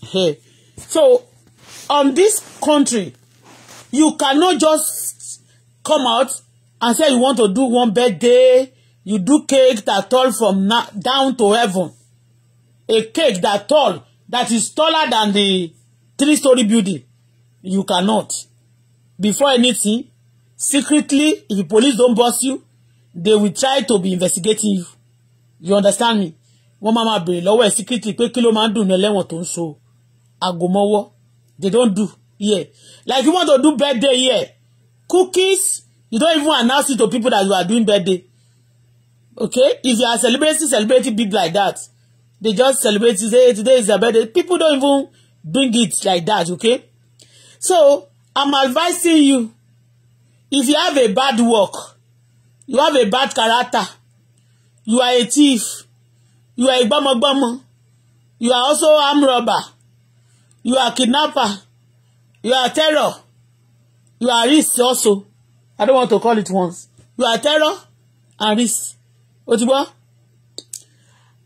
hey. so on this country you cannot just come out and say you want to do one birthday you do cake that tall from now down to heaven a cake that tall that is taller than the three-story building you cannot before anything secretly if the police don't bust you they will try to be investigating you you understand me wọ́n máa máa béèrè lọ́wọ́ ẹ̀ secretly pé kí ló máa ń dùn ní ẹlẹ́wọ̀n tó ń so àgòmọ́wọ́ they don't do here like you want to do birthday here cookies you don't even announce it to people that you are doing birthday Okay? If you are celebrating, celebrating big like that. They just celebrate today. Today is a birthday. People don't even bring it like that. Okay? So, I'm advising you. If you have a bad work, you have a bad character, you are a thief, you are a gbamagbama, you are also armed robber, you are kidnapper, you are terror, you are risk also. I don't want to call it once. You are terror and risk o ti gbọ́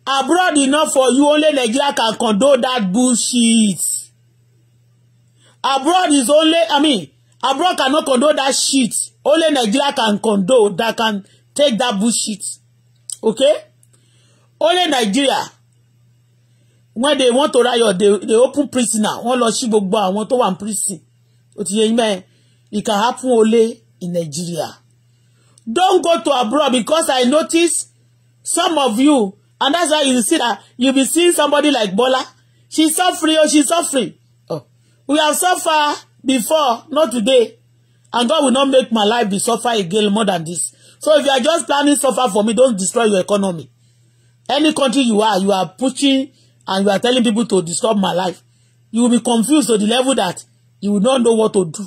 abroad enough for you only Nigeria can condone that bullshit abroad is only I mean abroad cannot condone that shit only Nigeria can condone that can take that bullshit okay only Nigeria when they want to riot they they open prison now wọ́n lọ sí gbogbo àwọn tó wà ní prison ó ti yẹ yín it can happen only in Nigeria don't go to abroad because I notice Some of you, and that's why you see that you be seeing somebody like Bola. She suffering, oh, she's suffering. Oh. We have suffered before, not today. And God will not make my life be suffer again more than this. So if you are just planning suffer for me, don't destroy your economy. Any country you are, you are pushing and you are telling people to disturb my life. You will be confused to the level that you will not know what to do.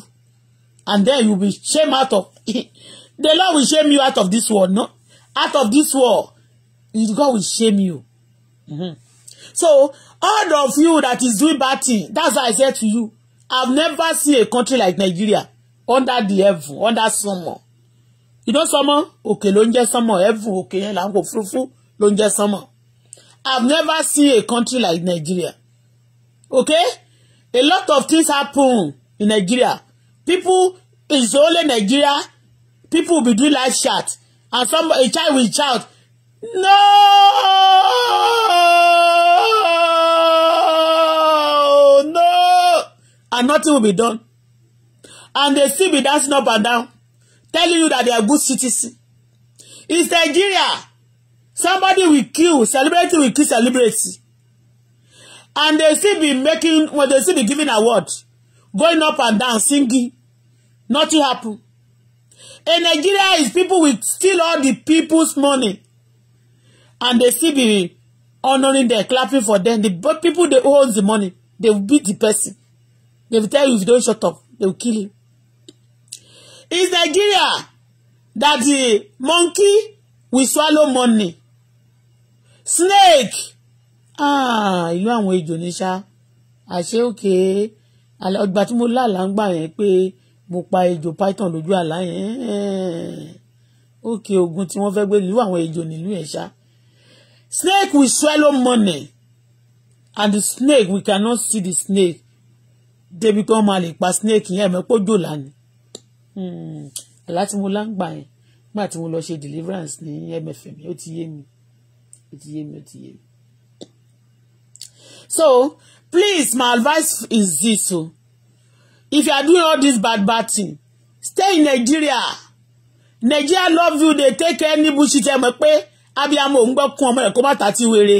And then you will be shame out of [LAUGHS] the Lord will shame you out of this world, no? Out of this world. God will shame you. Mm-hmm. So all of you that is doing bad thing, that's why I say to you, I've never seen a country like Nigeria under the heaven, under someone. You know someone? Okay, ló ń jẹ́ someone, heaven, okay, yẹn là ń kó fúrufú, ló ń jẹ́ someone. I've never seen a country like Nigeria. Okay? A lot of things happen in Nigeria. People, it's only Nigeria, people be doing live chat, and some, a child will shout, No, no, and nothing will be done. And they still be dancing up and down, telling you that they are good citizens. It's Nigeria. Somebody will kill, celebrity will kill celebrity. And they still be making, well, they still be giving awards, going up and down, singing. Nothing happen. In Nigeria is people will steal all the people's money and they still be honoring them, clapping for them. The people that own the money, they will beat the person. They will tell you if you don't shut up, they will kill you. It's Nigeria that the monkey will swallow money. Snake. Ah, you àwọn ejò ní I say okay. ọgbà tí mo lálàá ń gbà yẹn pé mo pa ejò python lójú àlá yẹn. Òkè ogun tí wọ́n fẹ́ gbé ìlú àwọn ejò nílùú ẹ̀ ṣá. Snake will swallow money. And the snake, we cannot see the snake. They become a lè snake yẹn mọ̀ pé jòlá ni. Hmm. Àlá tí mo lá ń gbà yẹn nígbà tí mo lọ ṣe deliverance ní MFM ó ti yé mi ó ti yé mi ó ti yé mi. So please my advice is this o oh. if you are doing all this bad bad thing stay in Nigeria. Nigeria love you dey take any bullshit ẹ mọ̀ pé abiyamọ òun gbọ́ kún ọmọ ẹ̀ kó má ta tí wéré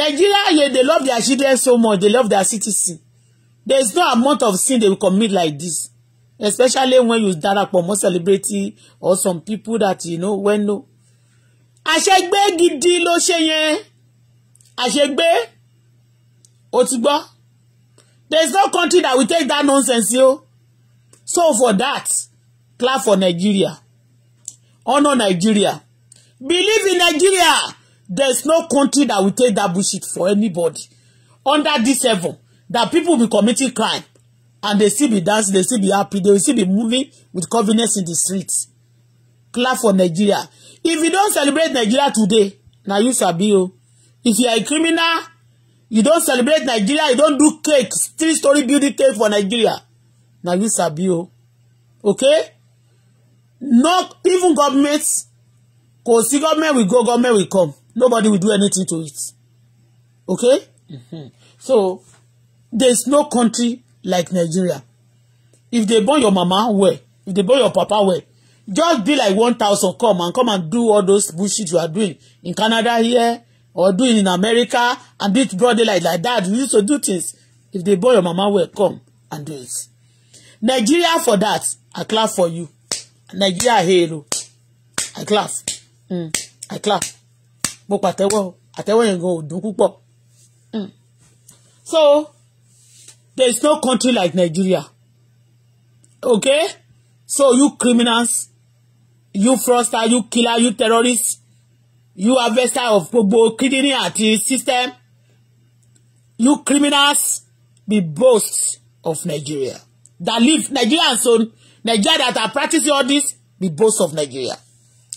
Nigeria yẹ they love their children so much they love their citizen there is no amount of sin they will commit like this especially when you darapọ̀ mọ́ celebrity or some people that you know well know àṣegbé gidi ló ṣe yẹn àṣegbé o ti gbọ́ there is no country that will take that nonsense yo so for that clap for Nigeria honour Nigeria. Believe in Nigeria. There's no country that will take that bullshit for anybody under this heaven that people be committing crime and they still be dancing, they still be happy, they will still be moving with confidence in the streets. Clap for Nigeria. If you don't celebrate Nigeria today, na you sabi o. If you are a criminal, you don't celebrate Nigeria, you don't do cake, three-story building cake for Nigeria, na you sabi o. Okay? Not even governments kò sí government will go government will come nobody will do anything to it okay mm-hmm. so there is no country like Nigeria if they born your mama well if they born your papa well just be like one thousand come and come and do all those bullshit you are doing in Canada here or doing in America and beat brother like like that you used to do things if they born your mama well come and do it Nigeria for that I clap for you Nigeria hero I clap Mm. I clap mo pàtẹ́wọ́ àtẹ́wọ́ yẹn gan ò dùn púpọ̀ mm. so there is no country like Nigeria okay so you criminals you fraudster you killer you terrorist you harvester of gbogbo kidney àti system you criminals be boast of Nigeria that live Nigerians so Nigeria that are practicing all this be boast of Nigeria.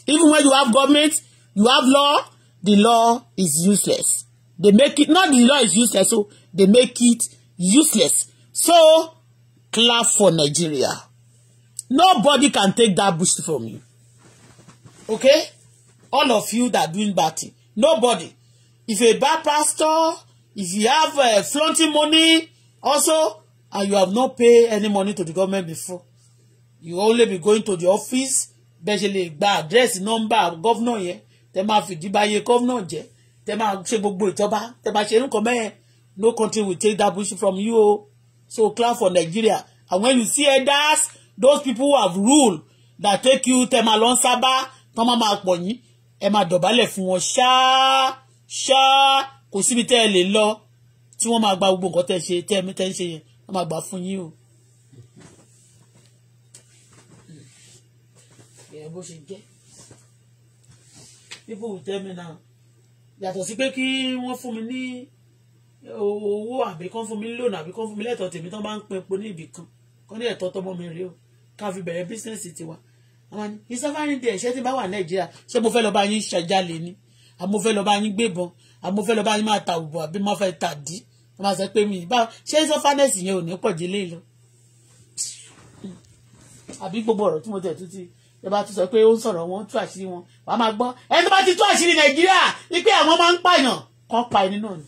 Even when you have government, you have law, the law is useless. They make it, not the law is useless, so they make it useless. So, clap for Nigeria. Nobody can take that boost from you. Okay? All of you that doing bad thing. Nobody. If a bad pastor, if you have uh, flaunting money, also, and you have not paid any money to the government before, you only be going to the office bẹ́ẹ̀ ṣe lè gba àdírẹ́sì nọ́mbà gọ́fúnà yẹn tẹ́ máa fìdí bá iye gọ́fúnà jẹ́ tẹ́ máa ṣe gbogbo ìjọba tẹ́ máa ṣe nǹkan mẹ́rin no country will take that bush from you o so clap for Nigeria and when you see elders those people who have rule that take you tẹ́ máa lọ ń sábà tán máa máa pọ̀ yín ẹ máa dọ̀bálẹ̀ fún wọn ṣáá ṣáá kò síbi tẹ́ ẹ lè lọ tí wọ́n máa gba gbogbo nǹkan tẹ́ ṣe tẹ́ ẹ tẹ́ ń ṣe yẹn wọ́n máa gbà fún yín o. bó ṣe jẹ́ people will tell me now yàtọ̀ sí pé kí wọ́n fún mi ní owó àbí kán fún mi lónà àbí kán fún mi lẹ́tọ̀ọ́ tèmi tán bá ń pin epo ní ibì kan kán ní ẹ̀tọ́ tọmọ mi rèé o ká fi bẹ̀rẹ̀ bísíǹsì tiwa àwọn ni ìsáfárìn di ẹ̀ṣẹ́ tí bá wà nàìjíríà ṣé mo fẹ́ lọ bá yín ṣàjálè ni àbí mo fẹ́ lọ bá yín gbébọn àbí mo fẹ́ lọ bá yín máa ta òbò àbí mo fẹ́ tà dí wọ́n máa sọ pé mi ìbá ṣé sọ́fánẹ́sì yẹn ò ní pọ̀ délé lọ àbí gbogbo ọ̀rọ̀ tí mo tẹ̀ tún ti ẹ bá tún sọ pé ó ń sọ̀rọ̀ wọn tú àṣírí wọn wàá máa gbọ́ ẹni tó bá ti tú àṣírí nàìjíríà ni pé àwọn máa ń pààyàn kán pa ẹni náà ni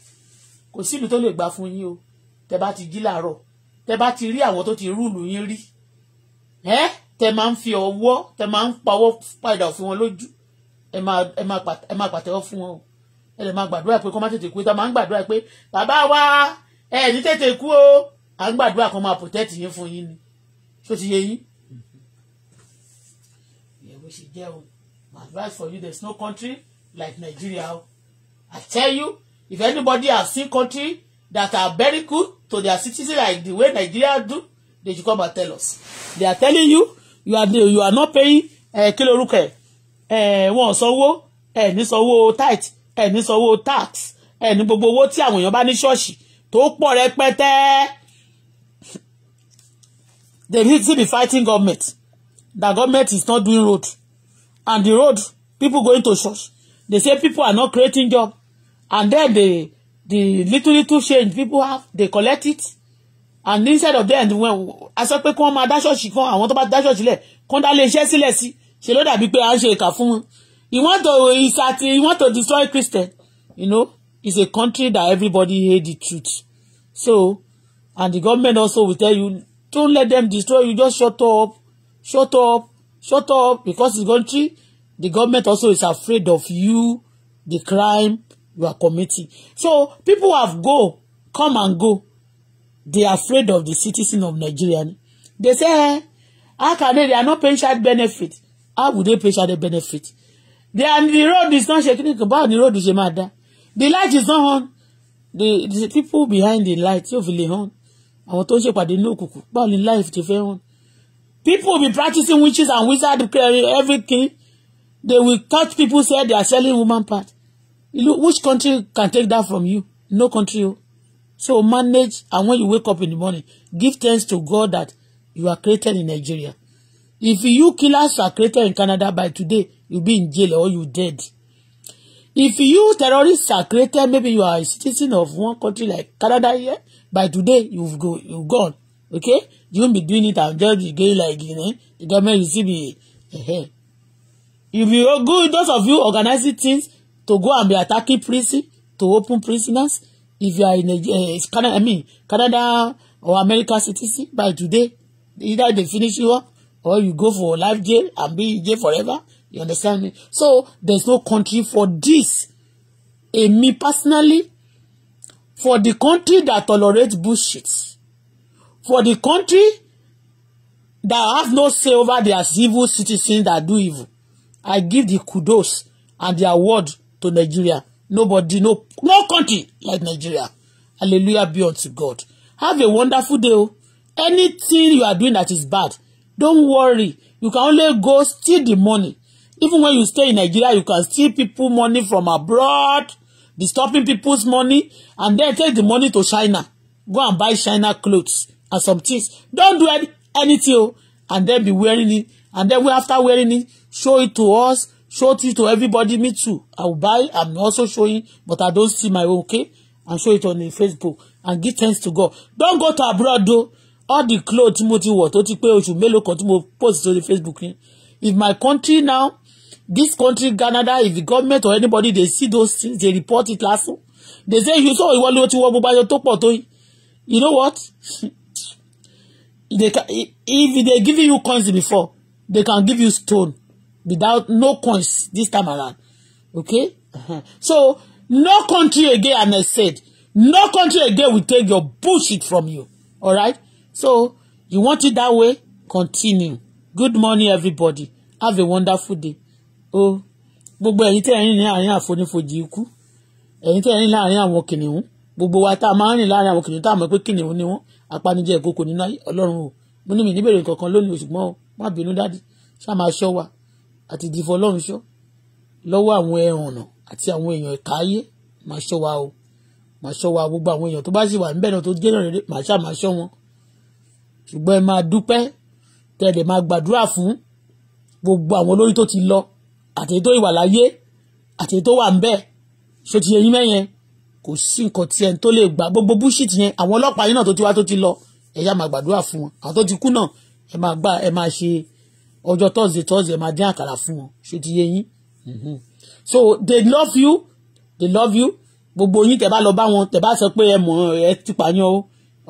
kò sí ìlú tó lè gbà fún yín o tẹ bá ti jí làárọ̀ tẹ bá ti rí àwọn tó ti rúùlù yín rí ẹ tẹ máa ń fi ọwọ́ tẹ máa ń pawọ́ padà fún wọn lójú ẹ máa pàtẹ́wọ́ fún wọn o ẹ lè máa gbàdúrà pé kó má tètè kú tá máa ń gbàdúrà pé bàbá wa ẹ ní tètè kú o à ń gbàdúrà kan máa protect yín fún yín ni ṣó ti yé yín òṣì jẹ́ o my advice for you there is no country like Nigeria o I tell you if anybody has seen country that are very good to their citizens like the way Nigeria do they should come and tell us they are telling you you are, you are not paying eh, kí lorúkọ ẹ̀ eh, wọn sanwó ẹ ní sanwó tight ẹ ní sanwó tax ẹ ní gbogbo owó tí àwọn èèyàn bá ní ṣọ́ọ̀ṣì tó pọ̀ rẹpẹtẹ. they need to be fighting government that government is not doing road and the road people going to church they say people are not creating job and then the the little little change people have they collect it and instead of them when a sọ pé kí wọ́n máa dá ṣọ́ọ̀ṣì kan àwọn tó bá dá ṣọ́ọ̀ṣì lẹ̀ kán dá iléeṣẹ́ sílẹ̀ sí ṣe ló dàbí pé à ń ṣe ìkà fún wọn want to isati you want to destroy Christian you know it's a country that everybody hate the truth so and the government also will tell you don't let them destroy you just shut up shut up shut up because in country the government also is afraid of you the crime you are committing so people have go come and go they are afraid of the citizen of Nigeria they say eh how can they they are not paying child benefit how would they pay child benefit they are the road is not shaking about the road is a matter. the light is not on the the people behind the light yóò fi lè hàn àwọn tó ń ṣèpàdé ní òkùnkùn báwo ni life ti fẹ́ hàn People will be practicing witches and wizards. Uh, everything. They will catch people say they are selling woman part. Which country can take that from you? No country. Oh. So manage and when you wake up in the morning, give thanks to God that you are created in Nigeria. If you killers are created in Canada by today, you'll be in jail or you dead. If you terrorists are created, maybe you are a citizen of one country like Canada here, by today you've go you've gone okay you won't be doing it I'm just be going like you know the government will see be uh-huh. Eh, eh. you oh, go, those of you organizing things to go and be attacking prison to open prisoners if you are in a uh, Canada I mean Canada or America citizen by today either they finish you up or you go for life jail and be in jail forever you understand me so there's no country for this and me personally for the country that tolerates bullshit for the country that have no say over their civil citizens that do evil. I give the kudos and the award to Nigeria. Nobody, no, no country like Nigeria. Hallelujah be unto God. Have a wonderful day. Oh. Anything you are doing that is bad, don't worry. You can only go steal the money. Even when you stay in Nigeria, you can steal people money from abroad, disturbing people's money, and then take the money to China. Go and buy China clothes and some things don't do any, anything o oh. and then be wearing it and then we after wearing it show it to us show it to everybody me too i will buy i'm also showing but i don't see my own okay and show it on the facebook and give thanks to god don't go to abroad though. all the clothes tí mo ti wọ̀ tó ti pé oṣù mélòó kan tí mo post to the facebook ni if my country now this country Canada if the government or anybody dey see those things dey report it last they say you saw. ìwọ ló ti wọ gbogbo to tó pọ̀ tó yìí you know what [LAUGHS] they can, if they give you coins before they can give you stone without no coins this time around okay uh-huh. so no country again and I said no country again will take your bullshit from you all right so you want it that way continue good morning everybody have a wonderful day oh gbogbo ẹ̀yin tẹ́ ẹ̀yin ní àárín àfonífojì ikú ẹ̀yin tẹ́ ẹ̀yin láàárín àwọn kìnìún gbogbo wa tá a máa ń rìn láàárín àwọn kìnìún tá a mọ̀ pé kìnìún ni wọ́n apanijẹ́ ìkókò nínú ayé ọlọ́run o mo ní mi níbèrè kankan lónìí o ṣùgbọ́n má bínú dádì ṣáà máa wa àti ìdìfọ́ ọlọ́run ṣọ́ lọ́wọ́ àwọn ẹ̀hànnà àti àwọn èèyàn ẹ̀ka ayé máa ṣọ́ wa o máa ṣọ́ wa gbogbo àwọn èèyàn tó bá sì wà níbẹ̀ náà tó jẹ́ náà rere màá ṣáà máa ṣọ́ wọn ṣùgbọ́n ẹ máa dúpẹ́ tẹ̀lẹ̀ máa gbàdúrà fún gbogbo àwọn olórí tó ti lọ àtẹ̀tó ìwà láyé wà ń bẹ̀ ṣó kò sí nǹkan tí ẹni tó lè gbà gbogbo bullshit yẹn àwọn ọlọ́pàá yìí náà tó ti wá tó ti lọ ẹ̀yà máa gbàdúrà fún wọn àwọn tó ti kú náà ẹ máa gbà ẹ máa ṣe ọjọ́ tọ́sídẹ̀ tọ́sídẹ̀ ẹ máa dín àkàrà fún wọn ṣé ti yé yín mhm. so they love you they love you gbogbo yín tẹ bá lọ bá wọn tẹ bá sọ pé ẹ mọ ẹ ti pààyàn o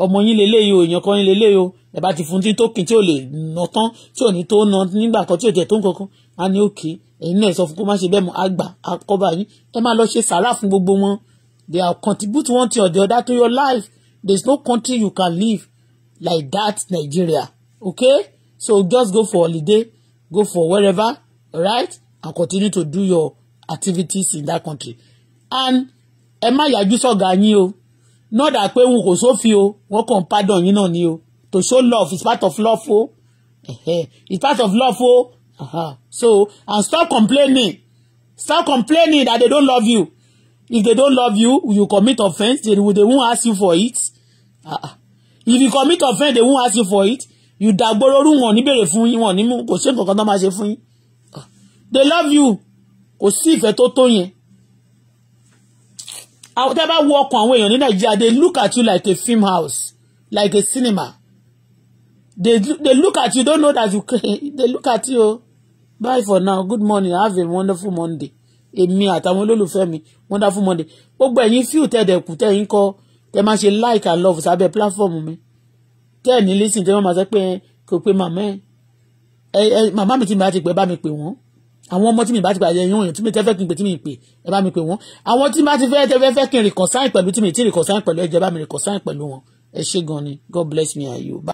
ọmọ yín leléyìí o èèyàn kan yín leléyìí o ẹ bá ti fún tí tó kìn tí ò lè nà tán tí ò ní tó nà nígbà kan tí ò tiẹ̀ tó nǹkankan á ní òkè ẹ̀yin náà sọ fún kó má ṣe bẹ́ẹ̀ mọ́ àgbà àkọ́bà yín ẹ má lọ ṣe sàrà fún gbogbo wọn They are contribute one thing or the other to your life. There's no country you can live like that, Nigeria. Okay? So just go for holiday, go for wherever, all right? And continue to do your activities in that country. And ẹ má yájú sọ̀gá yín o. Not that pé wọn kò sófin o, wọn kàn pardon yín náà ni o. To show love is part of love o. It's part of love o. Uh-huh. So, and stop complaining. Stop complaining that they don't love you if they don't love you you commit offense. they, they won't ask you for it ah ah if you commit offense, they won't ask you for it you dàgbòrò orú wọn ò ní béèrè fún yín wọn ò ní mú kò sí nǹkan kan ah, they love you kò sí ìfẹ́ tó tó yẹn tẹ́ bá wo ọkàn àwọn èèyàn ní nàìjíríà they look at you like a film house like a cinema they they look at you don't know that you [LAUGHS] they look at you bye for now good morning have a wonderful Monday èmi àtàwọn olólùfẹ́ mi wonderful monday gbogbo ẹ̀yin fíù tẹ̀dẹ̀kù tẹ̀yìn kọ tẹ máa ṣe like and love sábẹ́ platform mi tẹ́ ẹ̀ ní lísìn tẹ́ wọ́n máa sọ pé kò pé màmá ẹ̀ ẹ màmá mi tí mi bá ti pè bá mi pè wọ́n àwọn ọmọ tí mi bá ti pè àyẹ̀yìn òyìn tí mi tẹ́ fẹ́ kí n pè tí mi pè ẹ bá mi pè wọ́n àwọn tí mi bá ti fẹ́ tẹ́ fẹ́ kí n reconcile pẹ̀lú tí mi ti reconcile pẹ̀lú ẹ pẹ̀lú ẹ god bless me and you.